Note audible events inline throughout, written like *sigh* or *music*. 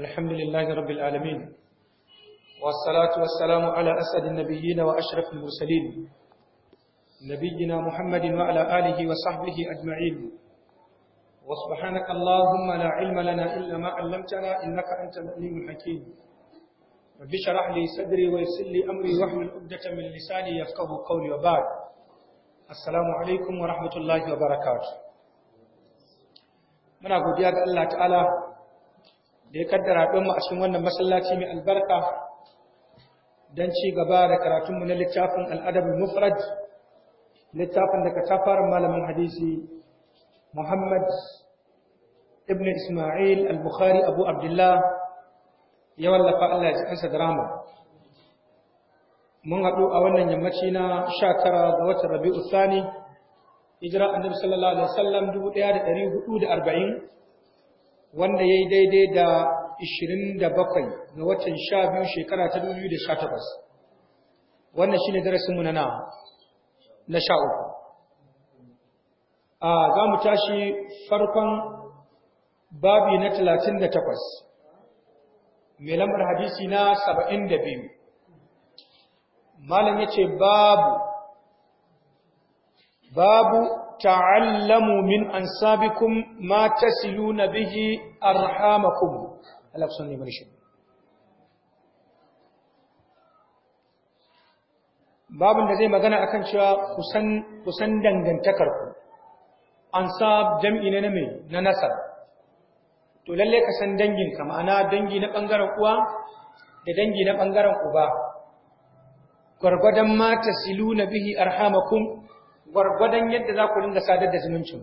الحمد لله رب العالمين والصلاة والسلام على أسد النبيين وأشرف المرسلين نبينا محمد وعلى آله وصحبه أجمعين وسبحانك اللهم لا علم لنا إلا ما علمتنا إنك أنت العليم الحكيم رب اشرح لي صدري ويسر لي أمري واحلل عقدة من لساني يفقه قولي وبعد السلام عليكم ورحمة الله وبركاته muna godiya ga Allah ta'ala da ya kaddara mu a cikin wannan masallaci mai albarka don ci gaba da karatunmu na littafin al'adabul mufrad littafin da tafarin malamin hadisi Muhammad ibn Ismail al-Bukhari Abu Abdullah ya wallafa Allah ya kansa drama mun haɗu a wannan yammaci na 19 ga watan Rabi'u sani hijira annabi sallallahu alaihi wasallam arba'in. wanda ya yi daidai da 27 ga watan 12 shekara ta 2018 wannan shi ne darasinmu na na sha uku a za mu tashi farkon babi na 38 mai lambar hadisi na 72 malam ya ce babu babu ta'allamu min ansabikum ma tasiluna bihi arhamakum Allah sunne mun shi babin da zai magana akan cewa kusan kusan dangantakar ku ansab jam'i ne na me na nasab to lalle ka san dangin ka ma'ana dangi na bangaren uwa da dangi na bangaren uba gwargwadon ma tasiluna bihi arhamakum gwargwadon yadda za ku dinga sadar da zumuncin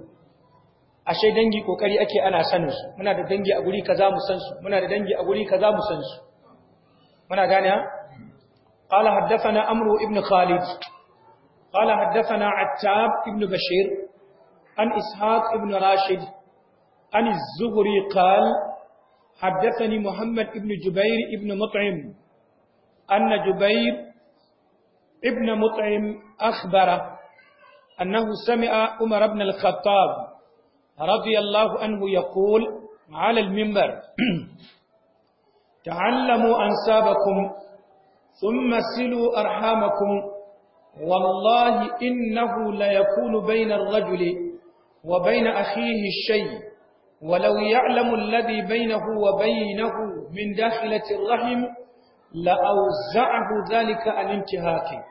ashe dangi kokari ake ana sanin su muna da dangi a guri kaza mu san su muna da dangi a guri kaza mu san su muna gane ha qala haddathana amru ibn khalid qala haddathana attab ibn bashir an ishaq ibn rashid an az-zuhri qala haddathani muhammad ibn jubair ibn mut'im anna jubair ibn mut'im akhbara أنه سمع عمر بن الخطاب رضي الله عنه يقول على المنبر *clears throat* تعلموا أنسابكم ثم سلوا أرحامكم والله إنه ليكون بين الرجل وبين أخيه الشيء ولو يعلم الذي بينه وبينه من داخلة الرحم لأوزعه ذلك الانتهاك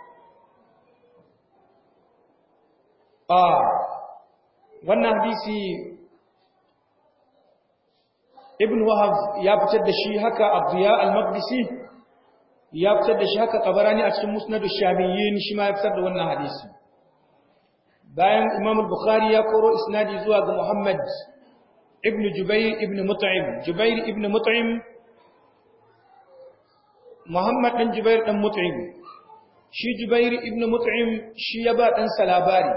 a wannan hadisi ibn wahab ya fitar da shi haka abdiya al-maqdisi ya fitar da shi haka qabarani a cikin musnad ash-shamiyyin shi ma ya fitar da wannan hadisi bayan imam al-bukhari ya koro isnadi zuwa ga muhammad ibn jubair ibn mut'im jubair ibn mut'im muhammad dan jubair dan mut'im shi jubair ibn mut'im shi ya ba dan labari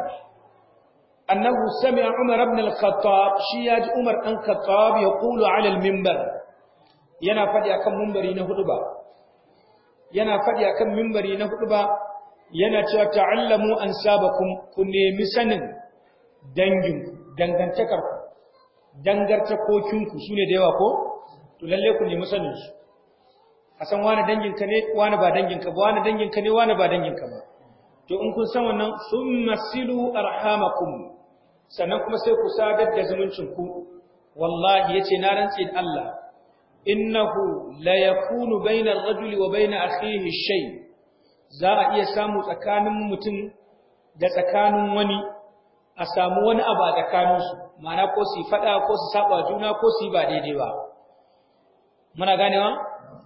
أنه سمع عمر بن الخطاب شياج عمر بن الخطاب يقول على المنبر ينا akan أكم na نهدبا ينا فدي أكم منبري نهدبا ينا تعلموا أنسابكم كني مسن دنجنكم dangantakarku dangartakokinku su ne da yawa ko to lalle ku nemi sanin su a san wani danginka ne wani ba ka ba wani ka ne wani ba ka ba to in kun san wannan summa silu arhamakum sannan kuma sai ku sadar da zumuncin ku wallahi yace na rantsi da Allah innahu la yakunu baina ar-rajuli wa baina akhihi shay za a iya samu tsakanin mutum da tsakanin wani a samu wani abu a tsakaninsu ma'ana ko su fada ko su saba juna ko su ba daidai ba muna ganewa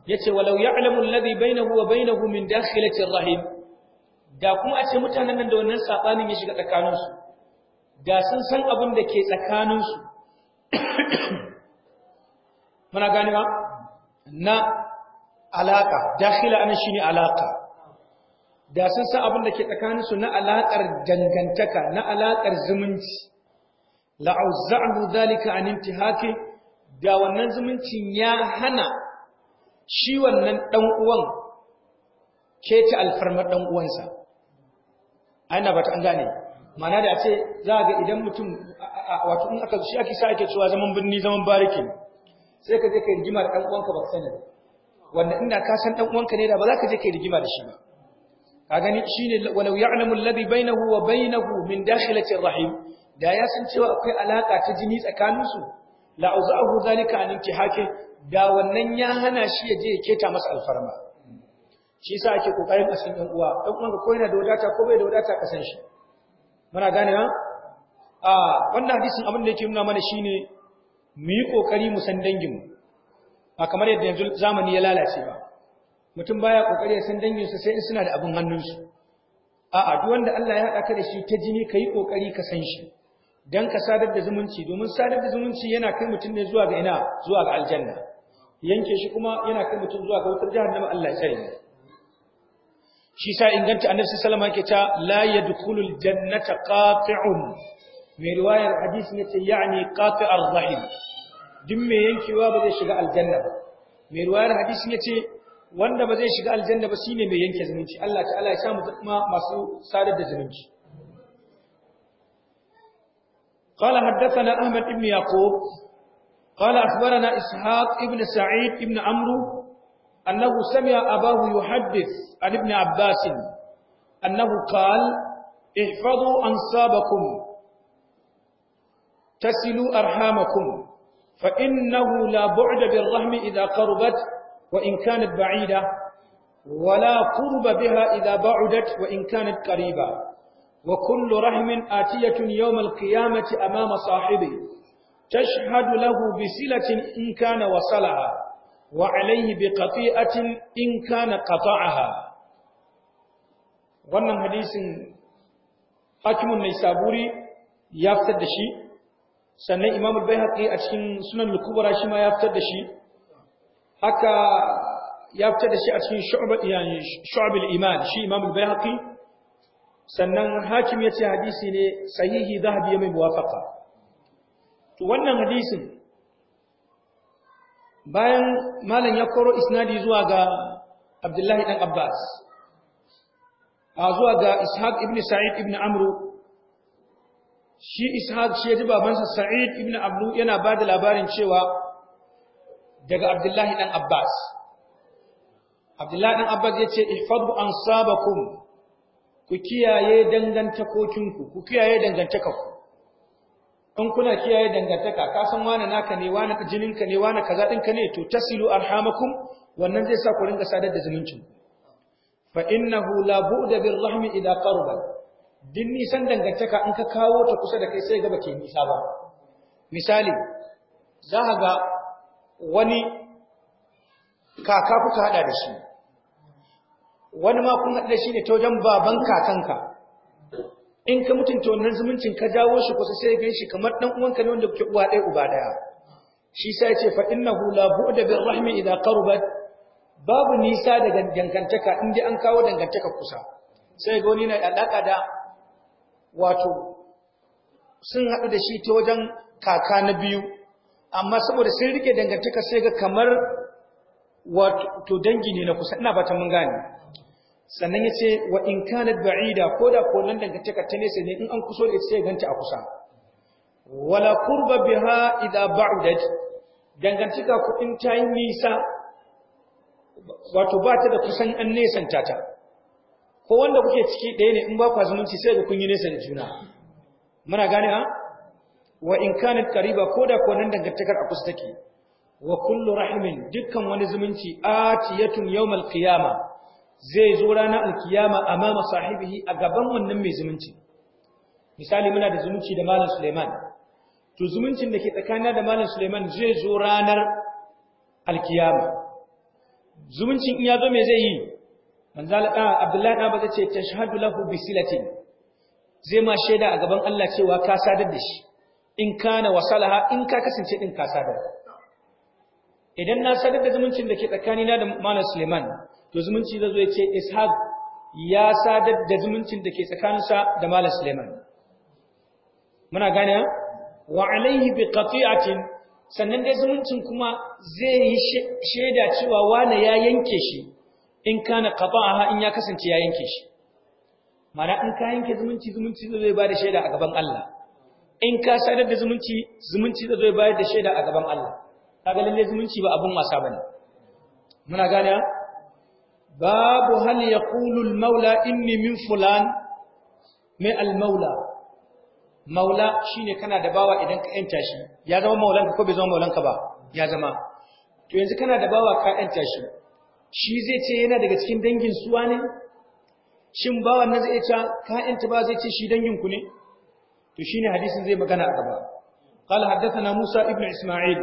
yace walau ya'lamu alladhi bainahu wa bainahu min dakhilati ar-rahim da kuma a ce mutanen nan da wannan sabanin ya shiga tsakaninsu da sun san abin da ke tsakaninsu *coughs* muna ba? na alaƙa dakhila anan ne alaƙa da sun san abin da ke tsakaninsu na alaƙar dangantaka na alaƙar zumunci la'auza'ahu zalika an intihaki da wannan zumuncin ya hana shi wannan ɗan uwan ci alfarmar ɗan uwansa ana bata an gane mana da ce za ga idan mutum wato in aka shi ake sa ake cewa zaman birni zaman bariki sai ka je ka rigima da dan uwanka ba ka sani wanda inda ka san dan uwanka ne da ba za ka je ka rigima da shi ba ka gani shine walau ya'lamu alladhi bainahu wa bainahu min dakhilati rahim da ya san cewa akwai alaka ta jini tsakaninsu uzahu zalika an hake? da wannan ya hana shi ya je ya keta masa alfarma shi yasa ake kokarin a san ɗan uwa ɗan uwanka ko yana da wadata ko bai da wadata ka san shi muna gane na? a wannan hadisin abin da yake nuna mana shine mu yi kokari mu san danginmu ba kamar yadda yanzu zamani ya lalace ba mutum baya kokari ya san danginsu sai in suna da abin hannunsu a'a duk wanda Allah ya haɗa ka da shi ta jini yi kokari ka san shi dan ka sadar da zumunci domin sadar da zumunci yana kai mutum ne zuwa ga ina zuwa ga aljanna yanke shi kuma yana kai mutum zuwa ga wutar jahannama Allah ya tsare shi sa inganta annabi sallallahu alaihi wasallam yake ta la yadkhulul jannata qati'un mai riwayar hadisi ne ta yani qati'ar rahim duk mai yankewa ba zai shiga aljanna ba mai riwayar hadisi ne ce wanda ba zai shiga aljanna ba shine mai yanke zumunci Allah ta'ala ya samu kuma masu sadar da zumunci قال حدثنا أحمد بن يعقوب قال أخبرنا إسحاق ابن سعيد ابن عمرو أنه سمع أباه يحدث عن ابن عباس أنه قال احفظوا أنصابكم تسلوا أرحامكم فإنه لا بعد بالرحم إذا قربت وإن كانت بعيدة ولا قرب بها إذا بعدت وإن كانت قريبة وكل رحم آتية يوم القيامة أمام صاحبه تشهد له بسلة إن كان وصلها wa alaihi bi qati'atin in kana qata'aha wannan hadisin hakimun mai saburi ya fitar da shi sannan imam al-baihaqi a cikin sunan al-kubra shi ma ya fitar da shi haka ya fitar da shi a cikin shu'ab yani shu'ab al-iman shi imam al-baihaqi sannan hakim ya ce hadisi ne sahihi zahabi ya mai muwafaqa to wannan hadisin bayan malam ya koro isnadi zuwa ga abdullahi ɗan abbas a zuwa ga ishaq ibn sa'id ibn amru shi ishaq shi ya ji babansa sa'id ibn abdu yana ba da labarin cewa daga abdullahi ɗan abbas abdullahi ɗan abbas ya ce ihfadu ansabakum ku kiyaye dangantakokinku ku kiyaye dangantakakku in kuna kiyaye dangantaka ka san wani naka ne wani jininka ne wani kaza ka ne to tasilu arhamakum wannan zai sa ku ringa sadar da zumuncin fa innahu la bu'da bil rahmi idha qarabat din nisan dangantaka in ka kawo ta kusa da kai sai gaba ke nisa ba misali za ka ga wani kaka kuka hada da shi wani ma kun hada da shi ne ta wajen baban kakanka in ka mutunta wannan zumuncin ka jawo shi kusa sai gan shi kamar dan uwanka ne wanda kuke uwa ɗaya uba ɗaya shi sai ya ce fa innahu la bu'da bil rahmi idha qarabat babu nisa daga dangantaka in dai an kawo dangantaka kusa sai ga wani na alaka da wato sun haɗu da shi ta wajen kaka na biyu amma saboda sun rike dangantaka sai ga kamar wato dangi ne na kusa ina fatan mun gane sannan ya ce wa in kanat ba'ida ko da ko nan dangantaka ta nesa ne in an kuso da ita sai ganta a kusa wala qurba biha idha ba'dat dangantaka ku in ta yi nisa wato ba ta da kusan an nesan ta ko wanda kuke ciki ɗaya ne in ba ku zumunci sai ga kun yi nesa da juna muna gane ha wa in kanat qariba ko da ko nan dangantakar a kusa take wa kullu rahimin dukkan wani zumunci atiyatun yawmal qiyamah zai zo rana alkiyama amama sahibihi a gaban wannan mai zumunci misali muna da zumunci da malam Suleiman to zumuncin da ke tsakanin da malam Suleiman zai zo ranar alkiyama zumuncin in ya zo me zai yi manzala da ah, Abdullahi da baza ce tashhadu lahu bisilatin zai ma sheda a gaban Allah cewa ka sadar da shi in kana wasalaha in ka kasance din ka sadar idan na sadar da zumuncin da ke tsakanina da malam Suleiman to zumunci zai zo ya ce ishaq ya sadar da zumuncin da ke tsakaninsa da malam suleiman muna gane wa alaihi bi qati'atin sannan dai zumuncin kuma zai yi shaida cewa wane ya yanke shi in kana qata'aha in ya kasance ya yanke shi mana in ka yanke zumunci zumunci zai ba da shaida a gaban Allah in ka sadar da zumunci zumunci zai bayar da shaida a gaban Allah kaga lalle zumunci ba abun wasa bane muna gane babu hal ya al-maula inni min fulan mai al-maula maula shine kana da bawa idan ka yanta shi ya zama maulanka ko bai zama maulanka ba ya zama to yanzu kana da bawa ka yanta shi shi zai ce yana daga cikin dangin suwa ne shin bawan nan zai ce ka yanta ba zai ce shi dangin ku ne to shine hadisin zai magana a gaba قال حدثنا موسى ابن إسماعيل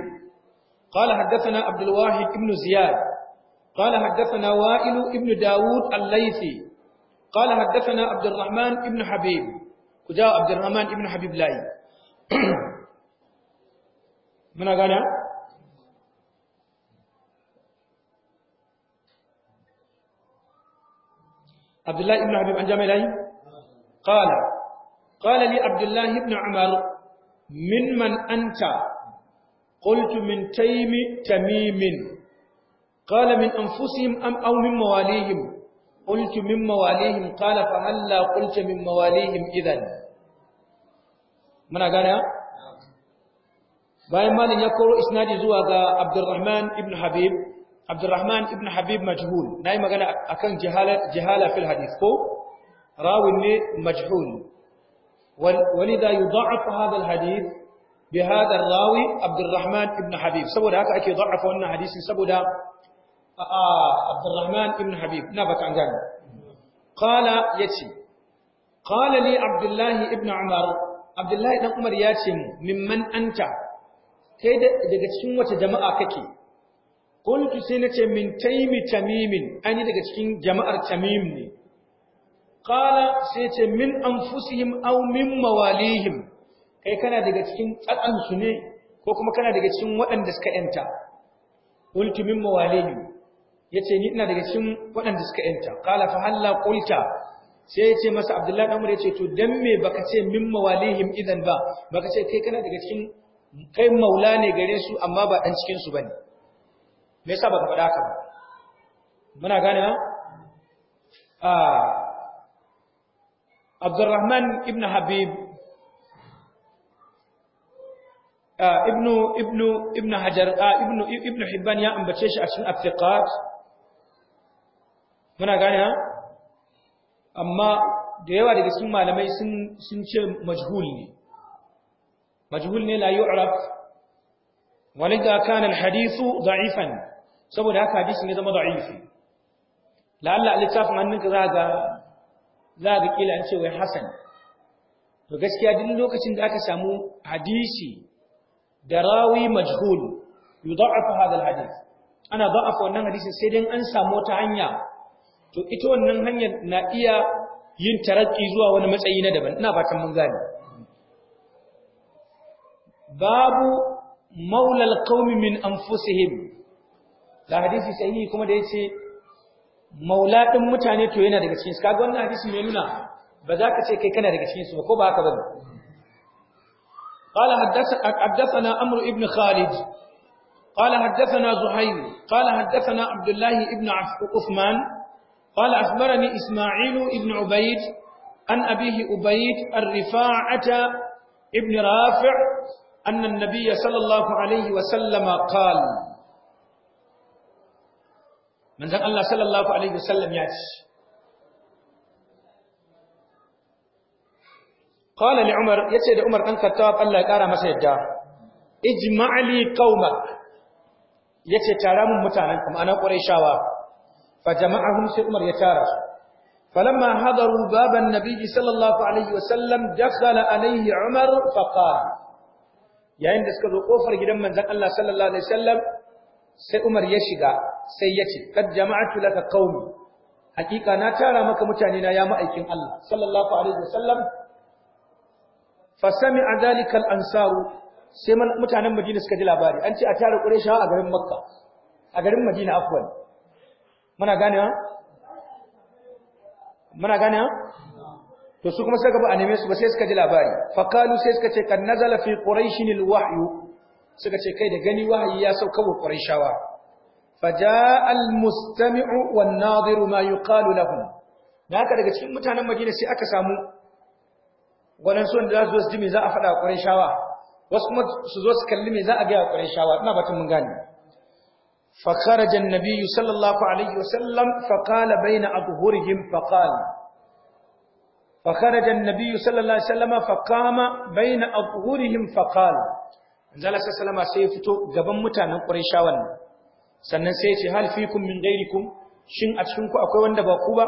قال حدثنا عبد الواحد ابن زياد قال حدثنا وائل ابن داود الليثي قال حدثنا عبد الرحمن ابن حبيب كجاء عبد الرحمن ابن حبيب لاي *coughs* من قال عبد الله ابن حبيب عن جامع قال قال لي عبد الله ابن عمر من من أنت قلت من تيم تميم قال من أنفسهم أم أو من مواليهم قلت من مواليهم قال فهل لا قلت من مواليهم إذن من أقول يا بأي مال يقول إسنادي زوا عبد الرحمن ابن حبيب عبد الرحمن ابن حبيب مجهول ناي ما قال أكن جهالة جهالة في الحديث كو راوي مجهول ولذا يضعف هذا الحديث بهذا الراوي عبد الرحمن ابن حبيب سبوا هكا أكيد أن حديث سبوا Abdurrahman ibn Habib na bata an gani qala yace qala li Abdullah ibn Umar Abdullah dan Umar ya ce min man an ta. kai daga cikin wace jama'a kake qultu sai na ce min taymi tamimin an yi daga cikin jama'ar tamim ne qala sai ce min an fusihim au min mawalihim kai kana daga cikin tsakansu ne ko kuma kana daga cikin waɗanda suka yanta ulti min mawalihim yace ni ina daga cikin waɗanda suka yanta qala fa halla qulta sai yace masa abdullahi dan umar yace to dan me baka ce min mawalihim idan ba baka ce kai kana daga cikin kai maula ne gare su amma ba dan cikin su bane me yasa baka faɗa haka ba muna gane a ah. Abdurrahman ibn Habib ah, ibnu ibnu ibnu hajar ah, ibnu ibnu hibban ya ambace shi a cikin athiqat muna gane ha amma da yawa daga cikin malamai sun sun ce majhul ne majhul ne la yu'raf walidha kana alhadithu da'ifan saboda haka hadisi ne zama da'ifi la'alla littafin hannunka za ga za ga kila an ce wai hasan to gaskiya duk lokacin da aka samu hadisi da rawi majhul yudha'af hadha alhadith ana da'afa wannan hadisin sai dan an samu ta hanya to ita wannan hanyar na iya yin tarakki zuwa wani matsayi na daban ina fatan mun gane babu maulal qaumi min anfusihim da hadisi sahihi kuma da yace maula din mutane to yana daga cikin su kaga wannan hadisi mai nuna ba za ka ce kai kana daga cikin su ba ko ba haka ba قال حدثنا عمرو ابن خالد قال حدثنا زهير قال حدثنا عبد الله ابن عثمان قال أخبرني إسماعيل بن عبيد عن أبيه أبيد الرفاعة ابن رافع أن النبي صلى الله عليه وسلم قال من ذلك الله صلى الله عليه وسلم يأتي قال لعمر يسيد عمر أن كتاب الله يقرأ ما سيدا اجمع لي قومك يسيد ترام متانا كما أنا قريشاوا fa jama'ahum sai Umar ya tara su falamma hadaru baban nabiyyi sallallahu alaihi wasallam dakhala alaihi Umar fa qala yayin da suka zo kofar gidan manzon Allah sallallahu alaihi wasallam sai Umar ya shiga sai ya ce kad jama'atu laka qaumi hakika na tara maka mutane na ya ma'aikin Allah sallallahu alaihi wasallam fa sami'a dhalika al-ansaru sai mutanen Madina suka ji labari an ce a tare Qurayshawa a garin Makka a garin muna ganewa muna ganewa to su kuma suka gaba a neme su ba sai suka ji labari Fakalu sai suka ce kan nazala fi quraishin wahyu suka ce kai da gani wahayi ya sauka wa quraishawa al mustami'u wan nadiru ma yuqalu lahum haka daga cikin mutanen madina sai aka samu gwanan su wanda za su ji me za a faɗa quraishawa wasu kuma su zo su kalli me za a ga quraishawa ina batun mun gane فخرج النبي صلى الله عليه وسلم فقال بين أظهرهم فقال فخرج النبي صلى الله عليه وسلم فقام بين أظهرهم فقال zala sallama sai fito gaban mutanen Qurayshawan nan sannan sai ya ce hal fikum min ghairikum shin a cikin ku akwai wanda ba ku ba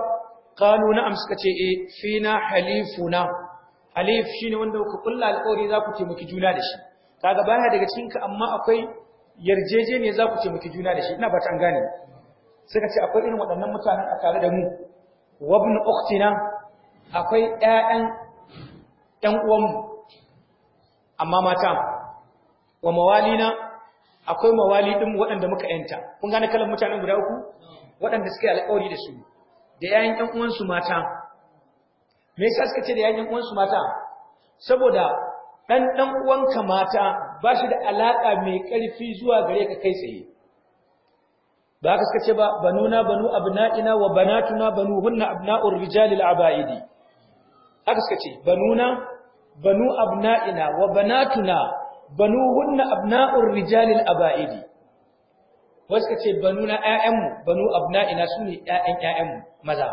qalu ce suka ce eh fina halifuna halif shine wanda kuka kulla alƙawari za ku taimaki juna da shi kaga baya daga cikin ka amma akwai Yarjeje ne za ku ce muke juna da shi ina ba ta an gane suka ce akwai irin waɗannan mutanen a tare da mu wabnu uktina akwai ƴaƴan ƴan uwanmu amma mata wa mawalina akwai mawali din waɗanda muka yanta kun gane kalan mutanen guda uku waɗanda suka yi alƙawari da su da ƴaƴan ƴan uwansu mata me yasa suka ce da ƴaƴan ƴan uwansu mata saboda ɗan ɗan uwanka mata ba shi da alaka mai ƙarfi zuwa gare ka kai tsaye ba ka ce ba na banu abna'ina wa banatuna banuhunna abna'ur rijali al'abaidi haka suka ce na banu abna'ina wa banatuna banuhunna abna'ur a al'abaidi wasu ka ce banuna ƴaƴanmu banu abna'ina ne ƴaƴan mu maza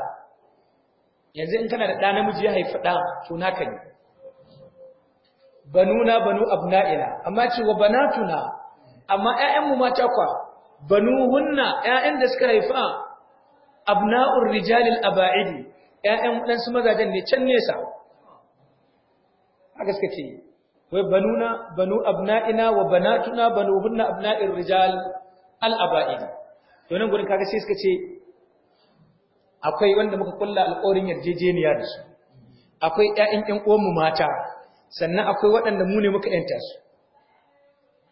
yanzu in kana da ɗa namiji ya haifi ɗa to naka ne banuna banu abna'ina amma ce wa banatuna amma ƴaƴanmu mata kwa banuhunna ƴaƴan da suka haifa abna'ur rijalil aba'idi ƴaƴan su mazajen ne can nesa haka suka ce wai banuna banu abna'ina wa banatuna banuhunna abna'ir rijal al aba'idi to nan gurin kaga sai suka ce akwai wanda muka kulla alƙawarin yarjejeniya da su akwai ƴaƴan ƴan uwanmu mata sannan akwai waɗanda mu ne muka yanta su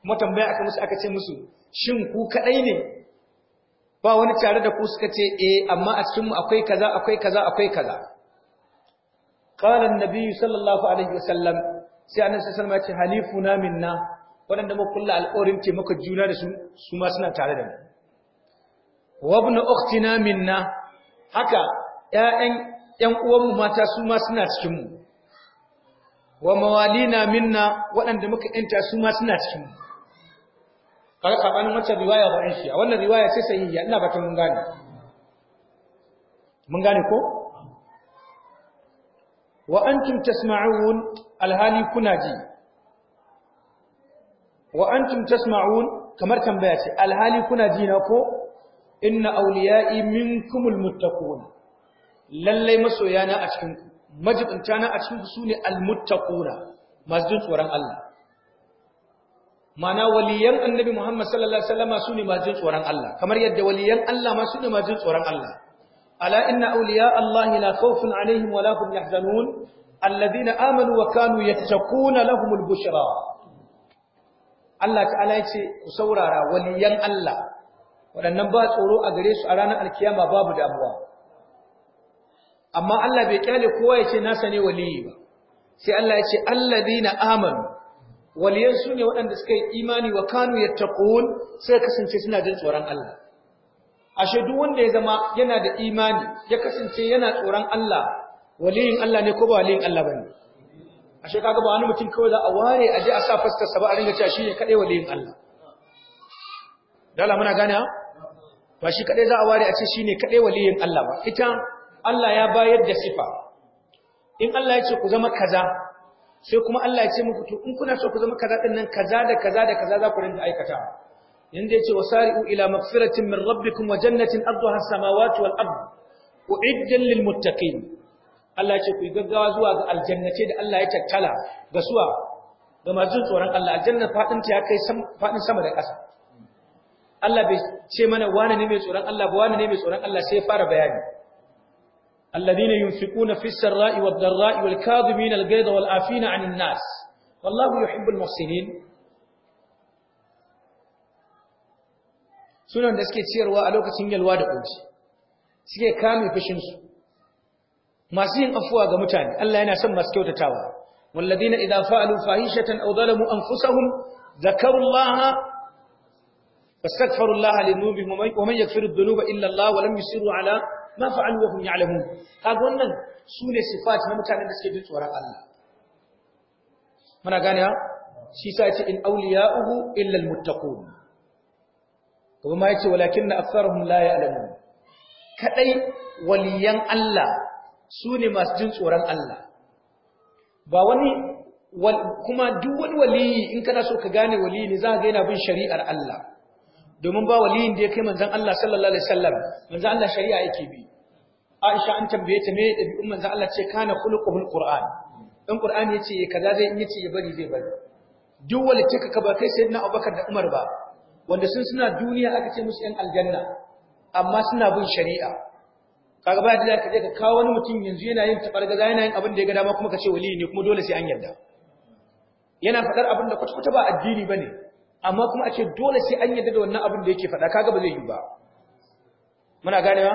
kuma tambaya aka musu aka ce musu shin ku kaɗai ne ba wani tare da ku suka ce eh amma a cikinmu akwai kaza akwai kaza akwai kaza qala an biyu sallallahu alaihi wasallam sai annabi sallallahu alaihi wasallam ya ce halifuna minna waɗanda mu kullu alƙorin ce muka juna da su su ma suna tare da mu wa ibn ukhtina minna haka ƴaƴan ƴan uwanmu mata su ma suna cikinmu. mu wa mawalina minna waɗanda muka yanta su ma suna cikin mu kaga sabanin wacce riwaya ba shi a wannan riwaya sai sai ya ina baka mun gane mun gane ko wa antum tasma'un alhali kuna ji wa antum tasma'un kamar tambaya ce alhali kuna ji na ko inna awliya'i minkumul muttaqun lalle masoyana a cikin ku majibinta na a cikin su ne almuttaquna masu jin tsoron Allah Ma'ana waliyan annabi Muhammad sallallahu alaihi wasallam su ne masu jin tsoron Allah kamar yadda waliyan Allah ma su ne masu jin tsoron Allah ala inna awliya Allah la khawfun alaihim wa la hum yahzanun alladhina amanu wa kanu yattaquna lahumul bushra Allah ta'ala ya ce ku saurara waliyan Allah waɗannan ba tsoro a gare su a ranar alkiyama babu damuwa amma Allah bai kyale kowa ya ce nasa ne waliyi ba sai Allah ya ce Allah amanu waliyan su ne waɗanda suka yi imani wa kanu yattaqun sai kasance suna jin tsoron Allah ashe duk wanda ya zama yana da imani ya kasance yana tsoron Allah waliyin Allah ne ko ba waliyin Allah bane ashe kaga ba wani mutum kawai za a ware a a sa fuskar sa ba a ringa cewa shi ne kadai waliyin Allah dala muna gane ha ba shi kadai za a ware a ce shi ne kadai waliyin Allah ba ita Allah ya bayar da sifa in Allah ya ce ku zama kaza sai kuma Allah ya ce muku to in kuna so ku zama kaza din nan kaza da kaza da kaza za ku rinda aikata yanda yace wasari'u ila magfiratin min rabbikum wa jannatin arduha as-samawati wal ard uiddat lil muttaqin Allah ya ce ku gaggawa zuwa ga aljannace da Allah ya tattala ga suwa ga masu tsoron Allah aljanna fadin ta ya kai fadin sama da ƙasa Allah bai ce mana wani ne mai tsoron Allah ba wani ne mai tsoron Allah sai fara bayani الذين ينفقون في السراء والضراء والكاظمين الغيظ والعافين عن الناس والله يحب المحسنين sunan da suke ciyarwa a lokacin yalwa da kunci suke kame fushinsu masu yin afuwa ga mutane Allah yana son masu kyautatawa walladina idza fa'alu fahishatan aw zalamu anfusahum zakaru Allah fastaghfiru Allah li dhunubihim wa man yaghfiru dhunuba illa Allah wa lam yusiru ala ma fa'alu wa hum ya'lamun kaga wannan sune sifat na mutanen da suke jin tsoron Allah muna gane ha shi sa yace in awliya'uhu illa almuttaqun kuma ma yace walakinna aktharuhum la ya'lamun kadai waliyan Allah sune masu jin tsoron Allah ba wani kuma duk wani waliyi in kana so ka gane waliyi ne za ka ga yana bin shari'ar Allah domin ba waliyin da ya kai manzon Allah sallallahu alaihi wasallam manzon Allah shari'a yake bi Aisha an tambaye ta me dabi'un manzon Allah ce kana khuluquhul Qur'an in ce ya kaza zai in ce ya bari zai bari duk walittaka ka ba kai sai na Abubakar da Umar ba wanda sun suna duniya aka ce musu yan aljanna amma suna bin shari'a kaga ba da ka je ka kawo wani mutum yanzu yana yin tabargaza yana yin abin da ya ga dama kuma ka ce waliyi ne kuma dole sai an yarda yana faɗar abin da kwata-kwata ba addini ne. amma kuma a dole sai an yadda da wannan abin da yake faɗa kaga ba zai yi ba muna ganewa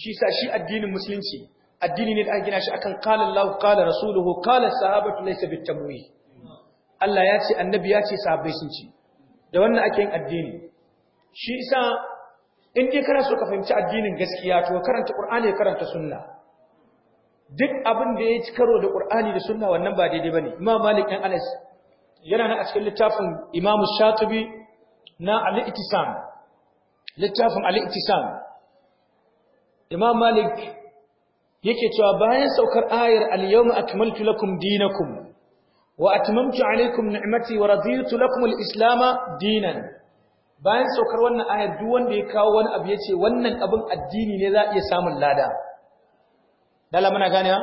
shi sa shi addinin musulunci addini ne da aka gina shi akan qala Allahu qala rasuluhu qala sahabatu laysa bitamwi Allah ya ce annabi ya ce sahabbai sun ce da wannan ake yin addini shi sa in dai kana so ka fahimci addinin gaskiya to karanta qur'ani karanta sunna duk abin da ya ci karo da qur'ani da sunna wannan ba daidai bane imam malik dan anas yana nan a cikin littafin Imam Shatibi na al littafin al Imam Malik yake cewa bayan saukar ayar al-yawma akmaltu lakum dinakum wa atmamtu alaykum ni'mati wa raditu lakum al-islam dinan bayan saukar wannan ayar duk wanda ya kawo wani abu yace wannan abin addini ne za a iya samun lada dala muna gane ha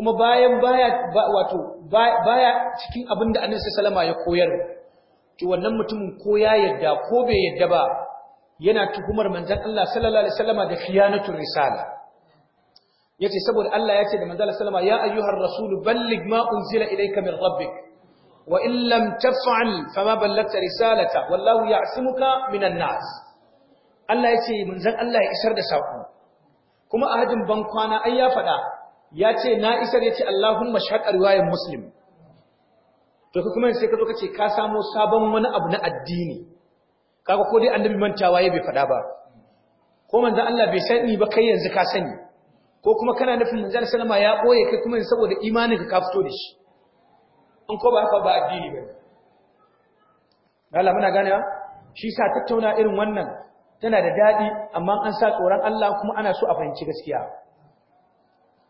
kuma bayan baya wato baya cikin abin da annabi sallama ya koyar to wannan mutumin ko ya yadda ko bai yadda ba yana tuhumar manzon Allah sallallahu alaihi wasallama da khiyanatul risala yace saboda Allah yace da manzon sallama ya ayyuhar rasul balligh ma unzila ilayka min rabbik wa in lam taf'al fama ballagta risalata wallahu ya'simuka minan nas Allah yace manzon Allah ya isar da sako kuma ahadin ban kwana ai ya fada ya ce na isa ya ce Allahumma shaƙar wayan muslim to kuma sai ka zo ka ce ka samo sabon wani abu na addini kaga ko dai annabi mantawa ya bai faɗa ba ko manzan Allah bai sani ba kai yanzu ka sani ko kuma kana nufin manzan sallama ya boye kai kuma saboda imanin ka fito da shi in ko ba haka ba addini ba Allah muna ganewa shi sa tattauna irin wannan tana da daɗi amma an sa tsoron Allah kuma ana so a fahimci gaskiya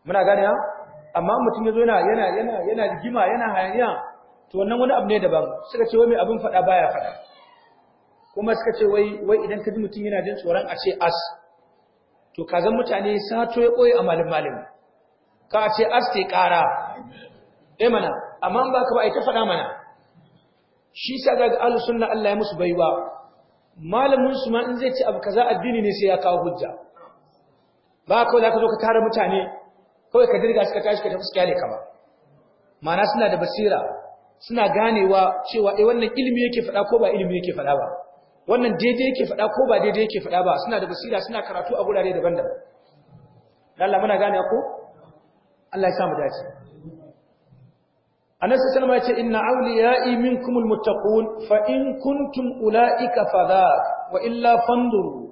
muna gane ya amma mutum yazo yana yana yana yana jima yana hayaniya to wannan wani abu ne daban suka ce wai mai abin fada baya fada kuma suka ce wai wai idan ka ji mutum yana jin tsoron a ce as to kazan mutane sato ya koyi a malum malum ka a ce as te kara eh mana amma ba ka ba ai ta fada mana shi sa ga ahlus sunna Allah ya musu baiwa malamin su ma in zai ci abu kaza addini ne sai ya kawo hujja ba ko da ka zo ka tare mutane kawai ka dirga suka tashi ka tafi su kyale kama ba ma'ana suna da basira suna ganewa cewa eh wannan ilimi yake faɗa ko ba ilimi yake faɗa ba wannan daidai yake faɗa ko ba daidai yake faɗa ba suna da basira suna karatu a gurare daban-daban Allah muna gane ko Allah ya samu dace Annabi sallallahu alaihi wasallam inna awliya'i minkumul muttaqun fa in kuntum ulaika fadha wa illa fanduru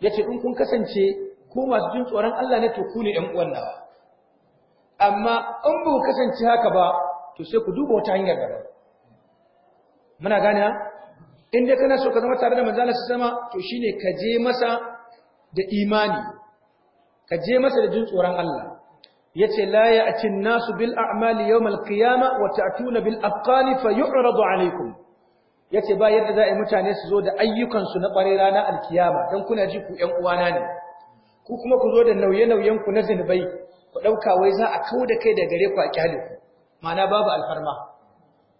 yace in kun kasance ko masu jin tsoron Allah ne to ku ne ƴan uwan nawa amma in ba kasance haka ba to sai ku duba wata hanyar daban muna gane in dai kana so ka zama tare da manzo Allah sama to shine ka je masa da imani ka je masa da jin tsoron Allah yace la ya'ti an-nasu bil a'mali yawm al-qiyama wa ta'tuna bil afqali fa yu'radu alaykum yace ba yadda za a yi mutane su zo da ayyukansu na ƙware rana alkiyama dan kuna ji ku ƴan uwana ne ku kuma ku zo da nauye-nauyen ku na zinubai ku ɗauka wai za a kawo da kai da gare ku a kyale ku ma'ana babu alfarma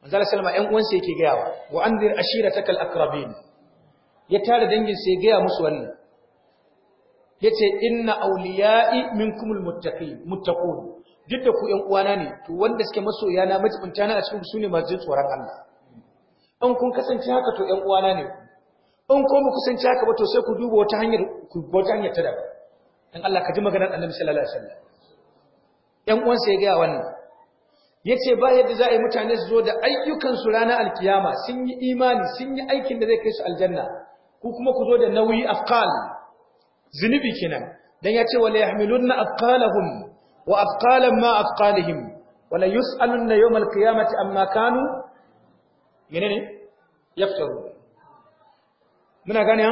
manzala salma ƴan uwansa yake gaya wa wa anzir ashiratakal aqrabin ya tara dangin sai gaya musu wannan yace inna awliya'i minkumul muttaqin muttaqun duk da ku ƴan uwana ne to wanda suke masoya na majibinta na a cikin su ne masu tsoron Allah in kun kasance haka to ƴan uwana ne in ko mu kusance haka ba to sai ku duba wata hanyar ku wata hanyar ta daban dan Allah ka ji maganar Annabi sallallahu alaihi wasallam ɗan uwansa ya ga wannan yace ba yadda za a yi mutane su zo da ayyukan su ranar alkiyama sun yi imani sun yi aikin da zai kai su aljanna ku kuma ku zo da nauyi afqal zunubi kenan dan yace wala yahmilunna afqalahum wa afqalan ma afqalihim wala yus'alunna yawm alqiyamati amma kanu menene yaftaru muna gane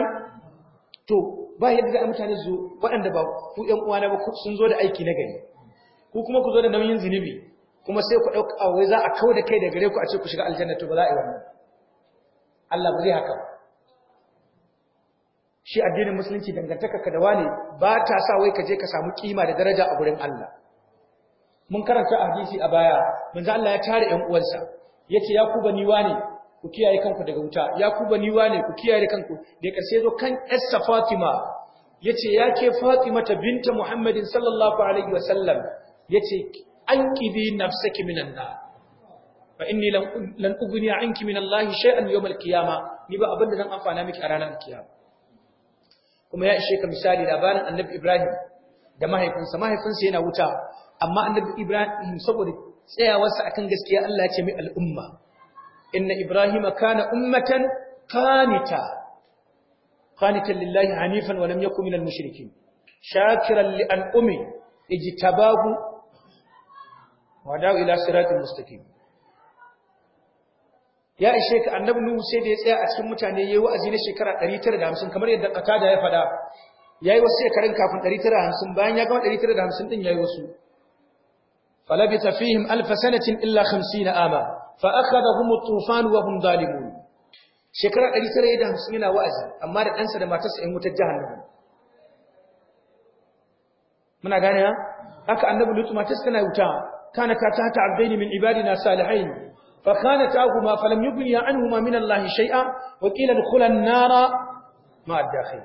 to ba yadda za a mutane su waɗanda ba ku ƴan uwana ba sun zo da aiki na gari ku kuma ku zo da nauyin zunubi kuma sai ku ɗauka wai za a kawo da kai da gare ku a ce ku shiga aljanna to ba za a yi wannan Allah ba zai haka shi addinin musulunci dangantaka ka da wane ba ta sa wai ka je ka samu kima da daraja a gurin Allah mun karanta hadisi a baya manzo Allah ya tare ƴan uwansa yace ya ku bani wane?' ku kiyaye kanku daga wuta ya ku bani wane ku kiyaye kanku da karshe zo kan Essa Fatima yace ya ke Fatima ta binta Muhammadin sallallahu alaihi wasallam yace anqibi nafsaki minan nar fa inni lan lan ugni anki min Allah shay'an yawm al ni ba abinda zan amfana miki a ranar kiyama kuma ya ishe ka misali labarin Annabi Ibrahim da mahaifinsa mahaifinsa yana wuta amma Annabi Ibrahim saboda tsayawarsa akan gaskiya Allah ya ce mai al'umma inna ibrahima kana ummatan qanita qanitan lillahi hanifan wa lam yakun minal mushrikin shakiran li an'umi ijtabahu wa da'a ila siratin mustaqim ya ishe ka annabi nuhu sai da ya tsaya a cikin mutane yayi wa'azi na shekara 950 kamar yadda qatada ya fada yayi wasu shekarun kafin 950 bayan ya gama 950 din yayi wasu falabita fihim alf sanatin illa 50 ama فأخذهم الطوفان وهم ظالمون شكرا ألي ترى إذا حسنين وأز أما أنسى لما تسعين متجهن لهم من أغاني أكا النبو اللي تما تسكن أوتا كان كاتهت عبدين من عبادنا صالحين فخانتاهما فلم يبني عنهما من الله شيئا وقيل ادخل النار مع الداخل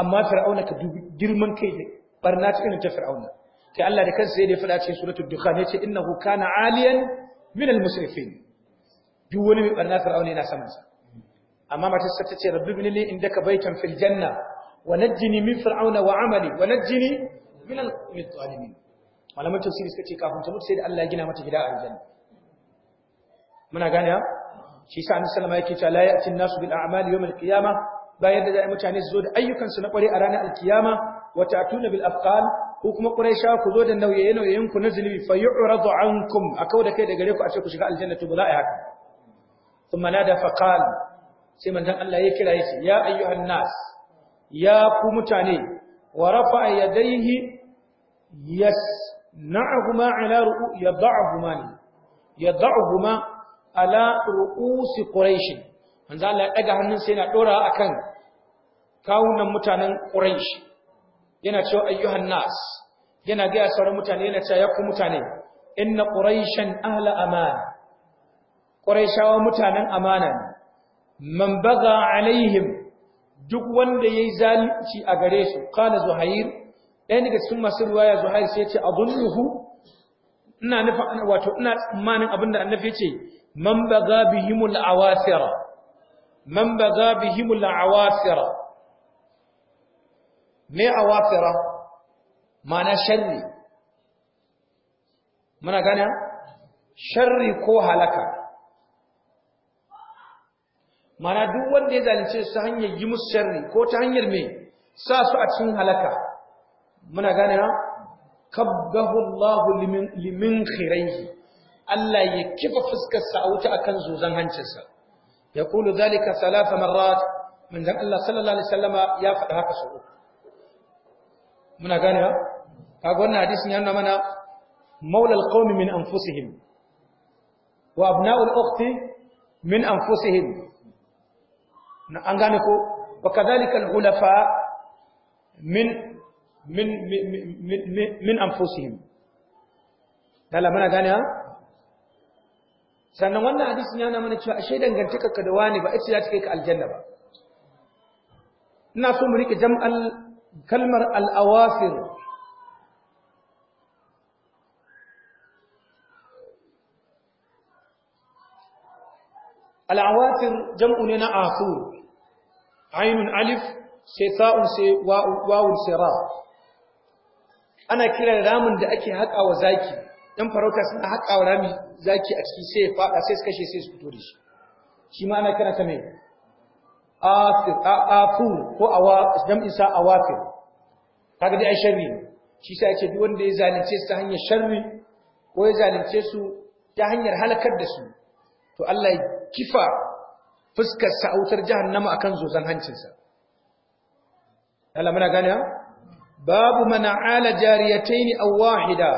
أما فرعون كدير من كيدي برناتك ان فرعون Ka Allah da kansa sai da ya faɗa cikin suratul dukhan yace innahu kana aliyan min al-musrifin duk wani mai barna fir'auna yana saman sa amma matar sa tace rabbi bin li indaka baytan fil janna wa najjini min fir'auna wa amali wa najjini min al-zalimin malaman tafsiri suka ce kafin ta mutu sai da Allah ya gina mata gida a aljanna muna gane ha shi sa annabi sallama yake cewa la ya'ti an-nasu bil a'mali yawm al-qiyamah bayan da mutane su zo da ayyukansu na kware a ranar alkiyama wa ta'tuna bil afqal ku kuma quraisha ku zo da nauye nauyen ku na zunubi fa yu'radu ankum akau da kai da gare ku a ce ku shiga aljanna to ba za a yi haka Kuma nada fa qala sai manzon Allah ya kira yace ya ayyuhan nas ya ku mutane wa rafa'a yadayhi yasna'uhuma ala ru'u yad'uhuma yad'uhuma ala ru'usi quraish manzon Allah ya daga hannun sai na dora akan kawunan mutanen quraish yana cewa ayyuhan nas yana ga sauran mutane yana cewa ya mutane inna quraishan ahla amana quraishawa mutanen amana ne man baga alaihim duk wanda yayi zalunci a gare su qala zuhair ne daga cikin masu riwaya zuhair sai ya ce adulluhu ina nufa wato ina tsammanin abinda annabi ya ce man baga bihimul awasira man baga bihimul awasira me awafira ma'ana sharri muna gane sharri ko halaka ma'ana duk wanda ya zalunce su hanyar yi musu sharri ko ta hanyar me sa su a cikin halaka muna gane na kabbahu Allah limin khiraihi Allah ya kifa fuskar sa a wuta akan zozan hancinsa ya kulu zalika salasa marrat manzon Allah sallallahu alaihi wasallama ya faɗa haka sau uku muna ganewa kaga wannan hadisin ya nuna mana maula min anfusihim wa min anfusihim na an gane ko wa kadhalika alhulafa min min min min anfusihim dala muna sannan wannan hadisin ya nuna mana cewa ashe dangantakarka da wani ba ita za ta kai ka aljanna ba ina so mu rike jam'al كلمة الأواصر الأواصر جمع لنا آثور عين ألف سيثاء سي واو سراء أنا كلا رام دأكي حق أو زاكي دم فروكا سنة حق زاكي أتكي سيفا أسيس كشي سيس كتوريش شما أنا كنا كمين afir afur ko awa jam'in sa awafir kaga dai ai sharri shi sai yace duk wanda ya zalunce su ta hanyar sharri ko ya zalunce su ta hanyar halakar da su to Allah ya kifa fuskar sa autar jahannama akan zozan hancinsa Allah muna gane ya? babu mana ala jariyatayn aw wahida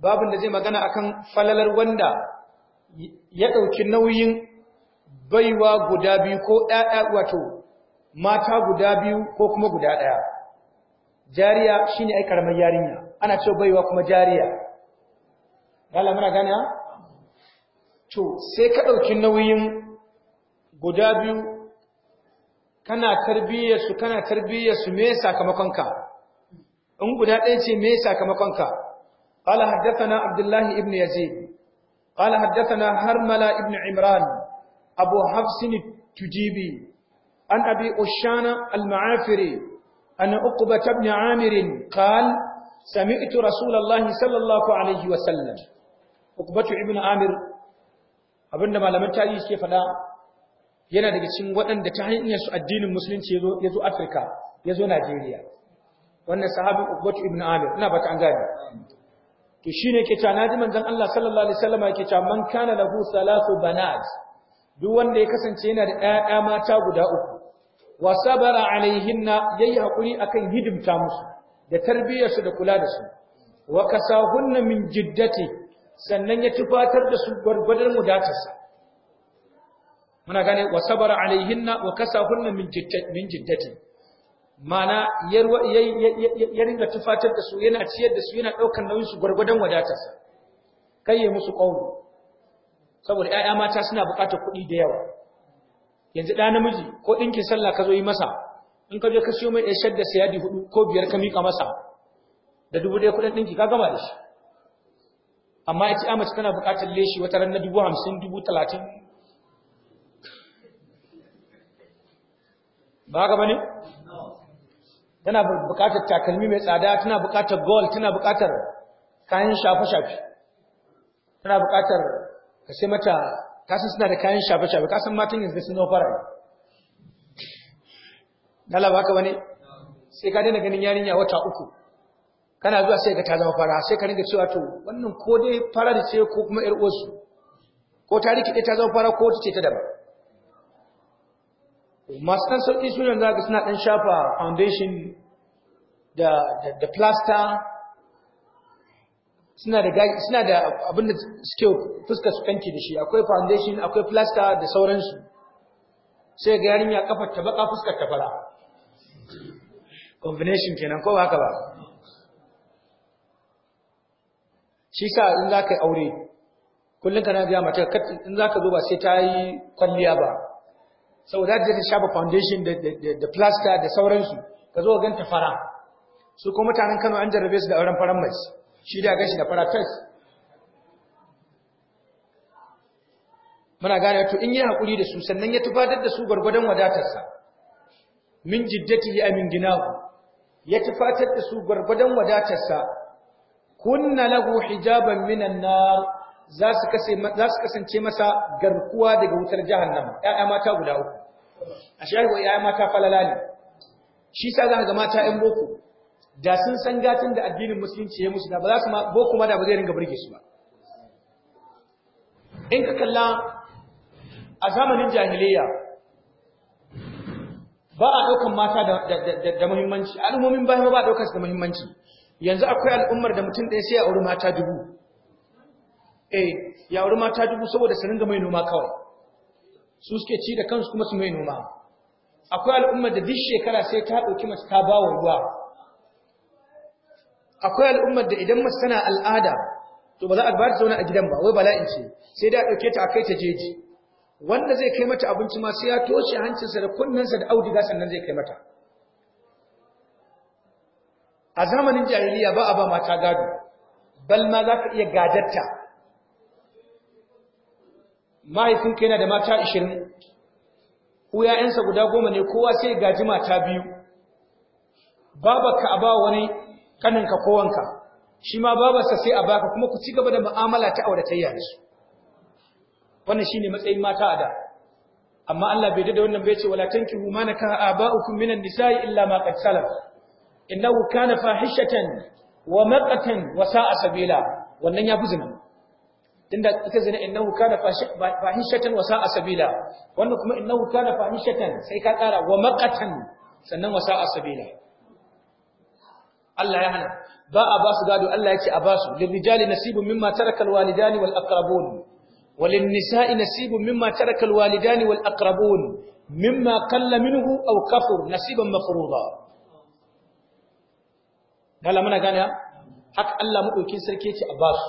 babun da zai magana akan falalar wanda ya dauki nauyin baiwa guda biyu ko ɗaya wato mata guda biyu ko kuma guda ɗaya jariya shine ai karamar yarinya ana ce baiwa kuma jariya dala muna gane to sai ka ɗauki nauyin guda biyu kana tarbiyyar su kana tarbiyyar su me sakamakon ka in guda ɗaya ce me sakamakon ka haddasa na abdullahi ibn yazid qala na harmala ibn imran أبو حفص التجيبي عن أبي أشان المعافري أن أقبة بن عامر قال سمعت رسول الله صلى الله عليه وسلم أقبة بن عامر abinda da malaman tarihi suke faɗa yana daga cikin waɗanda ta hanyar su addinin musulunci ya zo Afirka ya zo Najeriya wannan sahabin Uqbatu ibn Amir ina baka an gane to shine yake cewa naji manzon Allah sallallahu alaihi wasallam yake ta man kana lahu salatu banat duk wanda ya kasance yana da ƴaƴa mata guda uku wa sabara alaihinna yayi hakuri akan hidimta musu da tarbiyar su da kula da su wa kasahunna min jiddati sannan ya tufatar da su gwargwadon mudatarsa muna gane wa sabara alaihinna wa kasahunna min jiddati min jiddati mana ya ringa tufatar da su yana ciyar da su yana daukar nauyin su gwargwadon wadatarsa kai ya musu qawli saboda ƴaƴa mata suna buƙatar kuɗi da yawa yanzu ɗa namiji ko ɗinkin sallah ka zo yi masa in ka je ka siyo mai ɗan shadda sayadi hudu ko biyar ka miƙa masa da dubu ɗaya kuɗin ɗinki ka gama da shi amma ita a mace tana buƙatar leshi wata ran na dubu hamsin dubu talatin ba haka bane tana buƙatar takalmi mai tsada tana buƙatar gold tana buƙatar kayan shafi-shafi, tana buƙatar ka sai mata kasan suna da kayan shafe-shafe kasan matan yanzu sun zama fara dala ba ka wani sai ka daina ganin yarinya wata uku kana zuwa sai ka ta zama fara sai ka ringa cewa to wannan ko dai fara da ce ko kuma yar ko ta rikide ta zama fara ko ta ce ta daban masu ɗan sauƙi su yanzu suna ɗan shafa foundation da plaster suna da suna da abin da suke fuska su kanki da shi akwai foundation akwai plaster da sauransu sai ga yarinya kafar ta baka fuskar ta fara combination kenan ko haka ba shi sa in za ka yi aure kullum kana biya mata in za ka zo ba sai ta yi kwalliya ba saboda ta ta shafa foundation da plaster da sauransu ka zo ganta fara su ko mutanen kano an jarrabe su da auren faran mace shi da gashi da fara fes muna gane to in yi hakuri da su sannan ya tufatar da su gwargwadon wadatarsa min jiddati ya min ginahu ya tufatar da su gwargwadon wadatarsa kunna lahu hijaban minan nar za su kasance masa garkuwa daga wutar jahannama ƴaƴa mata guda uku a shahi wa ƴaƴa mata falala ne shi sa za ga mata ƴan boko da sun san gatin da addinin musulunci ya musu da ba za su ma ko kuma da ba zai ringa burge su ba in ka kalla a zamanin jahiliya ba a ɗaukan mata da muhimmanci al'ummomin bayan ba a su da muhimmanci yanzu akwai al'ummar da mutum ɗaya sai ya auri mata dubu eh ya auri mata dubu saboda su ringa mai noma kawai su suke ci da kansu kuma su mai noma akwai al'ummar da duk shekara sai ta dauki mace ta wa ruwa akwai al'ummar da idan mace tana al'ada to ba za a ba ta zauna a gidan ba wai bala'in ce sai da a ɗauke ta a kai ta jeji wanda zai kai mata abinci ma sai ya toshe hancinsa da sa da auduga sannan zai kai mata a zamanin jahiliya ba a ba mata gado bal ma za ka iya gadarta mahaifinka yana da mata ashirin ku ‘ya'yansa guda goma ne kowa sai gaji mata biyu Babaka a ba wani kaninka ko wanka shi ma babarsa sai a baka kuma ku ci gaba da mu'amala ta auratayya da su wannan shine matsayin mata a da amma Allah bai dade wannan bai ce wala tankihu ma nakaha aba'ukum minan nisa'i illa ma qad salaf innahu kana fahishatan wa maqatan wa sa'a sabila wannan ya fi zina tunda ita zina innahu kana fahishatan wa sa'a sabila wannan kuma innahu kana fahishatan sai ka kara wa maqatan sannan wa sa'a sabila Allah ya hana ba a ba su gado Allah ya ce a ba su lirrijali nasibu mimma taraka walidani wal aqrabun walin nisa'i nasibu mimma taraka walidani wal aqrabun mimma qalla minhu aw kafur nasiban mafruḍa dala muna gane haka Allah madaukin sarki yake a ba su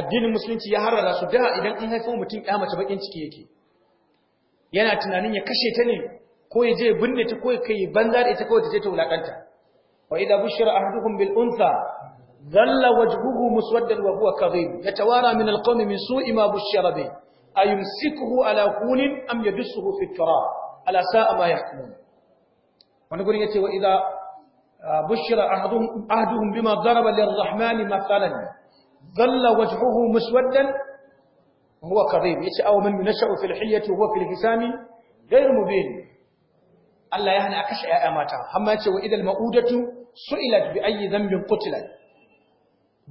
addinin musulunci ya harara su da idan an haifa mutum ya mace bakin ciki yake yana tunanin ya kashe ta ne ko ya je binne ta ko ya kai banza da ita kawai ta je ta wulakanta وإذا بشر أحدهم بالأنثى ظل وجهه مسودا وهو كظيم يتوارى من القوم من سوء ما بشر به أيمسكه على هون أم يدسه في التراب ألا ساء ما يحكمون ونقول يتي وإذا بشر أحدهم, بما ضرب للرحمن مثلا ظل وجهه مسودا وهو كظيم يتي أو من نشأ في الحية وهو في الحسام غير مبين الله يعني hana يا أماتا ‘ya'ya يتي وإذا المؤودة su'ilat bi ayyi dhanbin qutila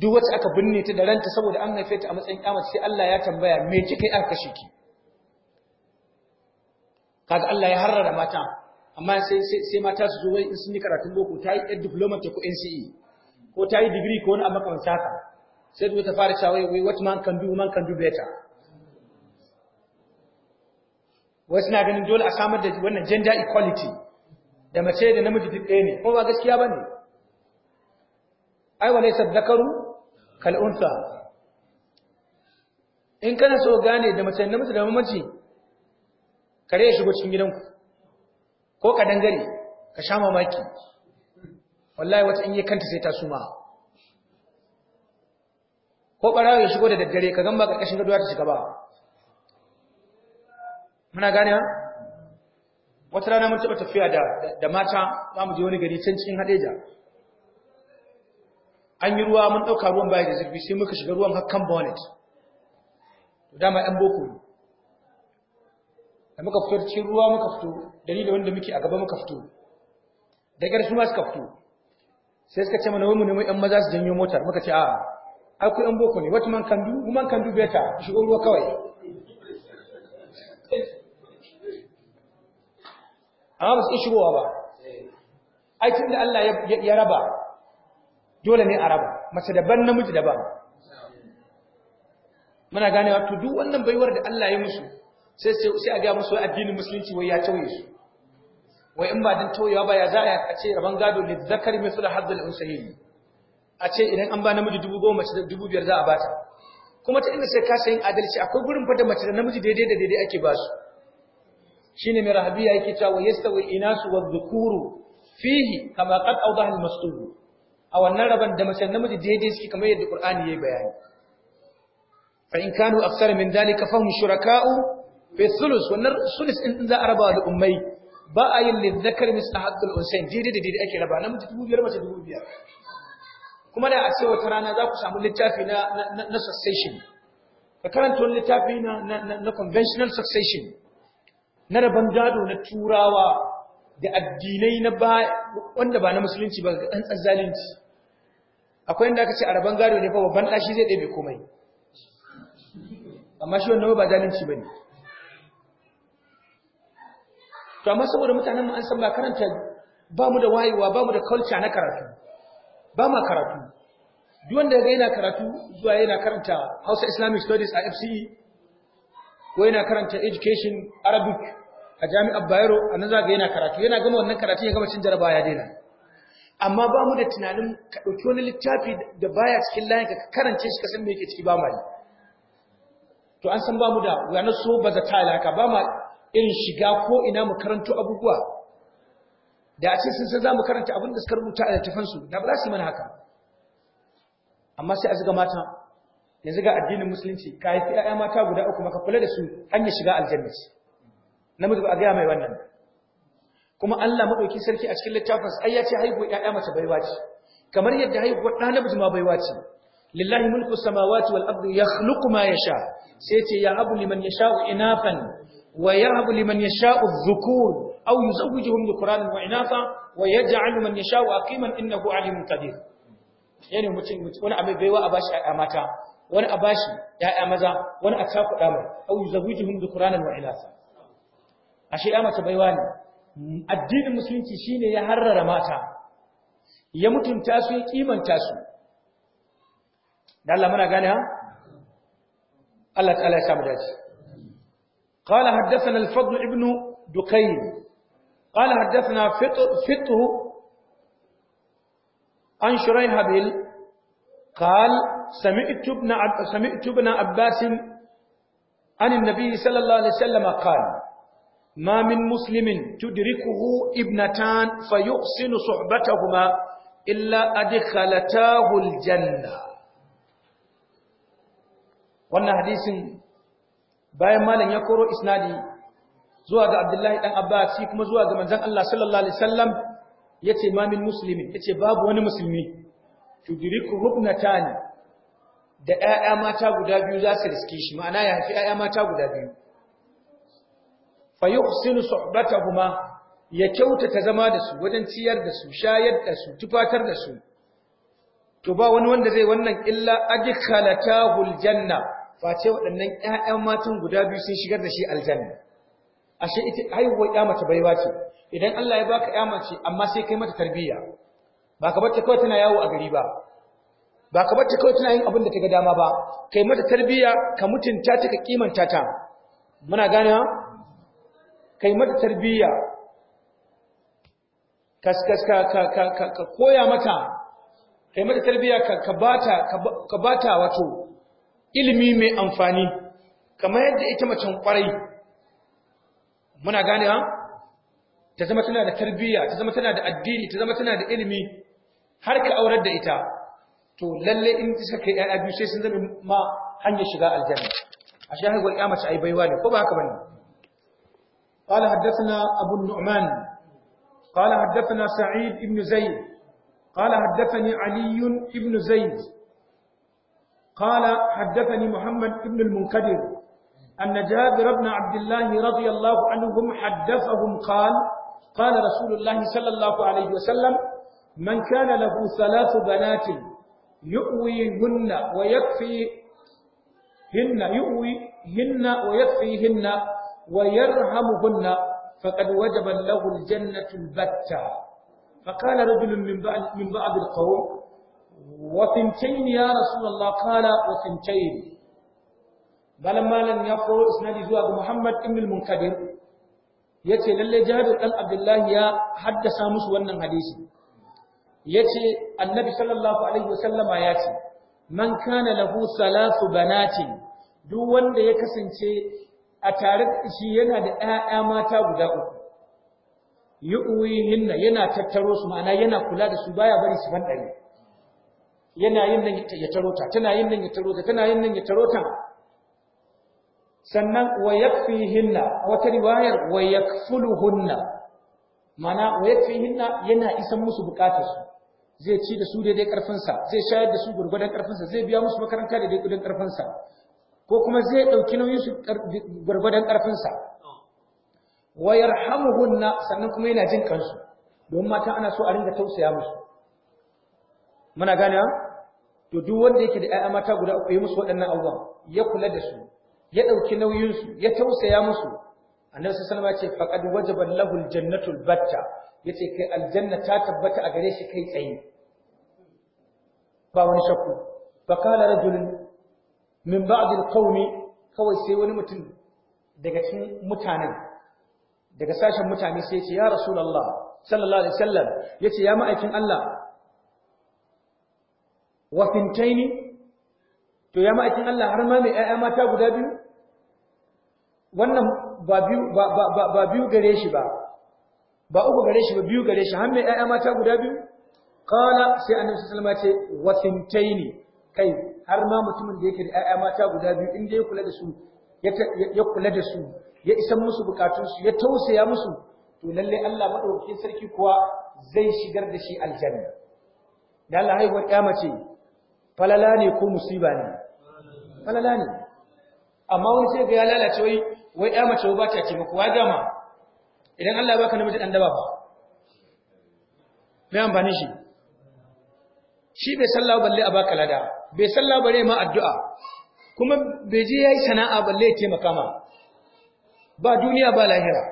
duk wacce aka binne ta da ranta saboda an haife ta a matsayin kyamata sai Allah ya tambaya me kike yi aka kashe ki kaga Allah ya harrara mata amma sai sai mata su zo wai in sun yi karatun boko ta yi ɗan diploma ta ko NCE ko ta yi digiri ko wani abu kamar haka sai duk ta fara cewa wai what man can do man can do better wasu na ganin dole a samar da wannan gender equality da mace da namiji duk ɗaya ne ko ba gaskiya ba ne ai laysa dhakaru kal unsa in kana so gane da mace namiji da mamaci kare ya shigo cikin gidanku ko ka dangare ka sha mamaki wallahi wata in yi kanta sai ta suma ko barawo ya shigo da daddare ka gan ba karkashin gaduwa ta shiga ba muna gane ha wata rana mun taɓa tafiya da mata za mu je wani gari can cikin hadeja an yi ruwa mun ɗauka ruwan baya da zurfi sai muka shiga ruwan hakan bonnet dama ɗan boko ne da muka fito cikin ruwa muka fito da ni da wanda muke a gaba muka fito da ƙarfi ma suka fito sai suka ce mana wai mu nemi ɗan maza su janyo motar muka ce a'a Akwai ku ɗan boko ne wata man kan du man kan du beta shigo ruwa kawai amma ba su iya shigowa ba ai tun da Allah ya raba dole ne a raba mace daban namiji daban muna gane wa to duk wannan baiwar da Allah ya musu sai sai a ga musu addinin musulunci wai ya tauye su wai in ba din tauyewa ba ya za a ce raban gado ne zakari misal hazzul unsayin a ce idan an ba namiji dubu goma mace dubu biyar za a bata kuma ta inda sai ka sayin adalci akwai gurin da mace da namiji daidai da daidai ake ba su shine mai rahabiya yake cewa yastawi inasu wadh-dhukuru fihi kama qad awdaha al-mastub a wannan raban da mace namiji daidai suke kamar yadda Qur'ani yayi bayani fa in kanu aksara min dalika fahum shuraka'u fi thuluth wannan thuluth din za a rabawa da ummai ba a yin lidhakar misla haqqul unsayn daidai da daidai ake raba namiji dubu biyar mace dubu biyar kuma da a ce wata rana za ku samu littafi na na succession ka karanta wani littafi na na conventional succession na rabon gado na turawa da addinai na ba wanda ba na musulunci ba ga ɗan zalunci akwai inda aka ce a rabon gado ne fa babban ɗashi zai ɗebe komai amma shi wannan ba zalunci ba ne to amma saboda mutanen mu an san ba karanta ba mu da wayewa ba mu da culture na karatu ba ma karatu duk wanda ga yana karatu zuwa yana karanta Hausa Islamic Studies a FCE ko yana karanta Education Arabic a jami'ar Bayero a nan zaga yana karatu yana gama wannan karatu ya gama cin jaraba ya daina amma ba mu da tunanin ka ɗauki wani littafi da baya cikin layin ka karance shi ka san me yake ciki ba mali to an san ba mu da na so ba za ta alaka ba ma irin shiga ko ina mu karanto abubuwa da a ce sun san za mu karanta abin da suka rubuta a littafansu da ba za su yi mana haka amma sai a ziga mata yanzu ga addinin musulunci ka haifi 'ya'ya mata guda uku maka kula da su hanyar shiga aljanna namiji ba a gaya mai wannan kuma Allah madauki sarki a cikin littafin sa ya ce haihuwar ƴaƴa mace bai ce kamar yadda haihuwar ɗa namiji ma bai ce lillahi mulku samawati wal ardi yakhluqu ma yasha sai ce ya habu liman yasha'u inafan wa yahabu liman yasha'u dhukur أو يزوجهم ذكرانا وإناثا ويجعل من يشاء أقيما إنه عليم قدير يعني mutum mutum wani abai baiwa a bashi a mata wani a bashi ya'ya maza wani a takuɗa mai au yuzawijuhum dhukranan wa inafa. ashe ya mace baiwa ne addinin musulunci shine ya harrara mata ya mutunta su ya kimanta su da Allah muna gane ha Allah ta'ala ya samu dace qala haddathana al-fadl ibn duqayn qala haddathana fiqh an shuraihabil قال سمعت ابن سمعت ابن عباس عن النبي صلى الله عليه وسلم قال ma min muslimin tudrikuhu ibnatan fayuhsinu suhbatahuma illa adkhalatahu aljanna wannan hadisin bayan malam ya koro isnadi zuwa ga Abdullahi dan Abbas shi kuma zuwa ga manzon Allah sallallahu alaihi wasallam yace ma min muslimin yace babu wani musulmi tudriku hubnatani da ƴaƴa mata guda biyu za su riske shi ma'ana ya haifi ƴaƴa mata guda biyu fa yuhsinu suhbatahuma ya kyautata zama da su wajen ciyar da su shayar da su tufatar da su to ba wani wanda zai wannan illa adkhalatahu aljanna face waɗannan ƴaƴan matan guda biyu sun shigar da shi aljanna ashe ita haihuwar ƴa mace baiwa ce idan Allah ya baka ƴa mace amma sai kai mata tarbiyya ba ka bata kawai tana yawo a gari ba ba ka bata kawai tana yin abin da ta ga dama ba kai mata tarbiyya ka mutunta ta ka kimanta ta muna gane kai mata tarbiyya kaskas ka ka ka ka koya mata kai mata tarbiyya ka ka bata ka bata wato ilimi mai amfani kamar yadda ita mace kwarai muna gane ha ta zama tana da tarbiyya ta zama tana da addini ta zama tana da ilimi har ka aurar da ita to lalle in ta saka ƴaƴa biyu sai sun zama ma hanyar shiga aljanna ashe haihuwar ƴa mace ai baiwa ne ko ba haka bane قال حدثنا أبو النعمان قال حدثنا سعيد بن زيد قال حدثني علي بن زيد قال حدثني محمد بن المنكدر أن جابر بن عبد الله رضي الله عنهم حدثهم قال قال رسول الله صلى الله عليه وسلم من كان له ثلاث بنات يؤويهن ويكفيهن يؤويهن ويكفيهن ويرحمهن فقد وجبت له الجنة البتة فقال رجل من بعض, من بعض القوم وثنتين يا رسول الله قال وثنتين فلما لم يقول اسناد زواج محمد ابن المنكدر yace lalle Jabir ɗan Abdullahi ya haddasa musu wannan hadisi yace Annabi sallallahu alaihi wasallama yace man kana lahu salasu banatin duk wanda ya kasance a tare da shi yana da ‘ya'ya mata guda uku, Yi yi'uwihinna yana tattaro su ma'ana yana kula da su baya bari su fanɗare. Yana yin nan ya taro ta, tana yin nan ya taro ta, tana yin nan ya taro ta. Sannan wa hinna, wata riwayar wa hunna, ma'ana wa hinna yana isan musu bukatarsu. Zai ci da su daidai ƙarfinsa, zai shayar da su gurgudan ƙarfinsa, zai biya musu makaranta daidai gurgudan ƙarfinsa. ko kuma zai ɗauki nauyin su gwargwadon ƙarfinsa wa yarhamuhunna sannan kuma yana jin kansu don mata ana so a ringa tausaya musu muna gane to duk wanda yake da ƴaƴa mata guda uku yi musu waɗannan abubuwan ya kula da su ya ɗauki nauyin su ya tausaya musu annabi sallallahu alaihi wasallam ya ce faqad wajaba lahu aljannatu albatta yace kai aljanna ta tabbata a gare shi kai tsaye ba wani shakku fa qala rajulun min ba'dil qaumi kawai sai wani mutum daga cikin mutanen daga sashen mutane sai ce ya rasulullah sallallahu alaihi wasallam yace ya ma'aikin Allah wa fintaini to ya ma'aikin Allah har ma mai ƴaƴa mata guda biyu wannan ba biyu ba biyu gare shi ba ba uku gare shi ba biyu gare shi har mai ƴaƴa mata guda biyu qala sai annabi sallallahu alaihi wasallam ya ce wa fintaini kai har ma mutumin da yake da ƴaƴa mata guda biyu in dai ya kula da su ya kula da su ya isan musu bukatunsu ya tausaya musu to lalle Allah madaukakin sarki kuwa zai shigar da shi aljanna da Allah haihuwar 'ya mace falala ne ko musiba ne falala ne amma wani sai ga ya lalace wai wai ƴa mace ba ta taimako wa dama idan Allah ya baka namiji dan daba ba mai amfani shi shi bai sallawa balle a baka lada bai sallah bare ma addu'a kuma bai je yayi sana'a balle ya makama ba duniya ba lahira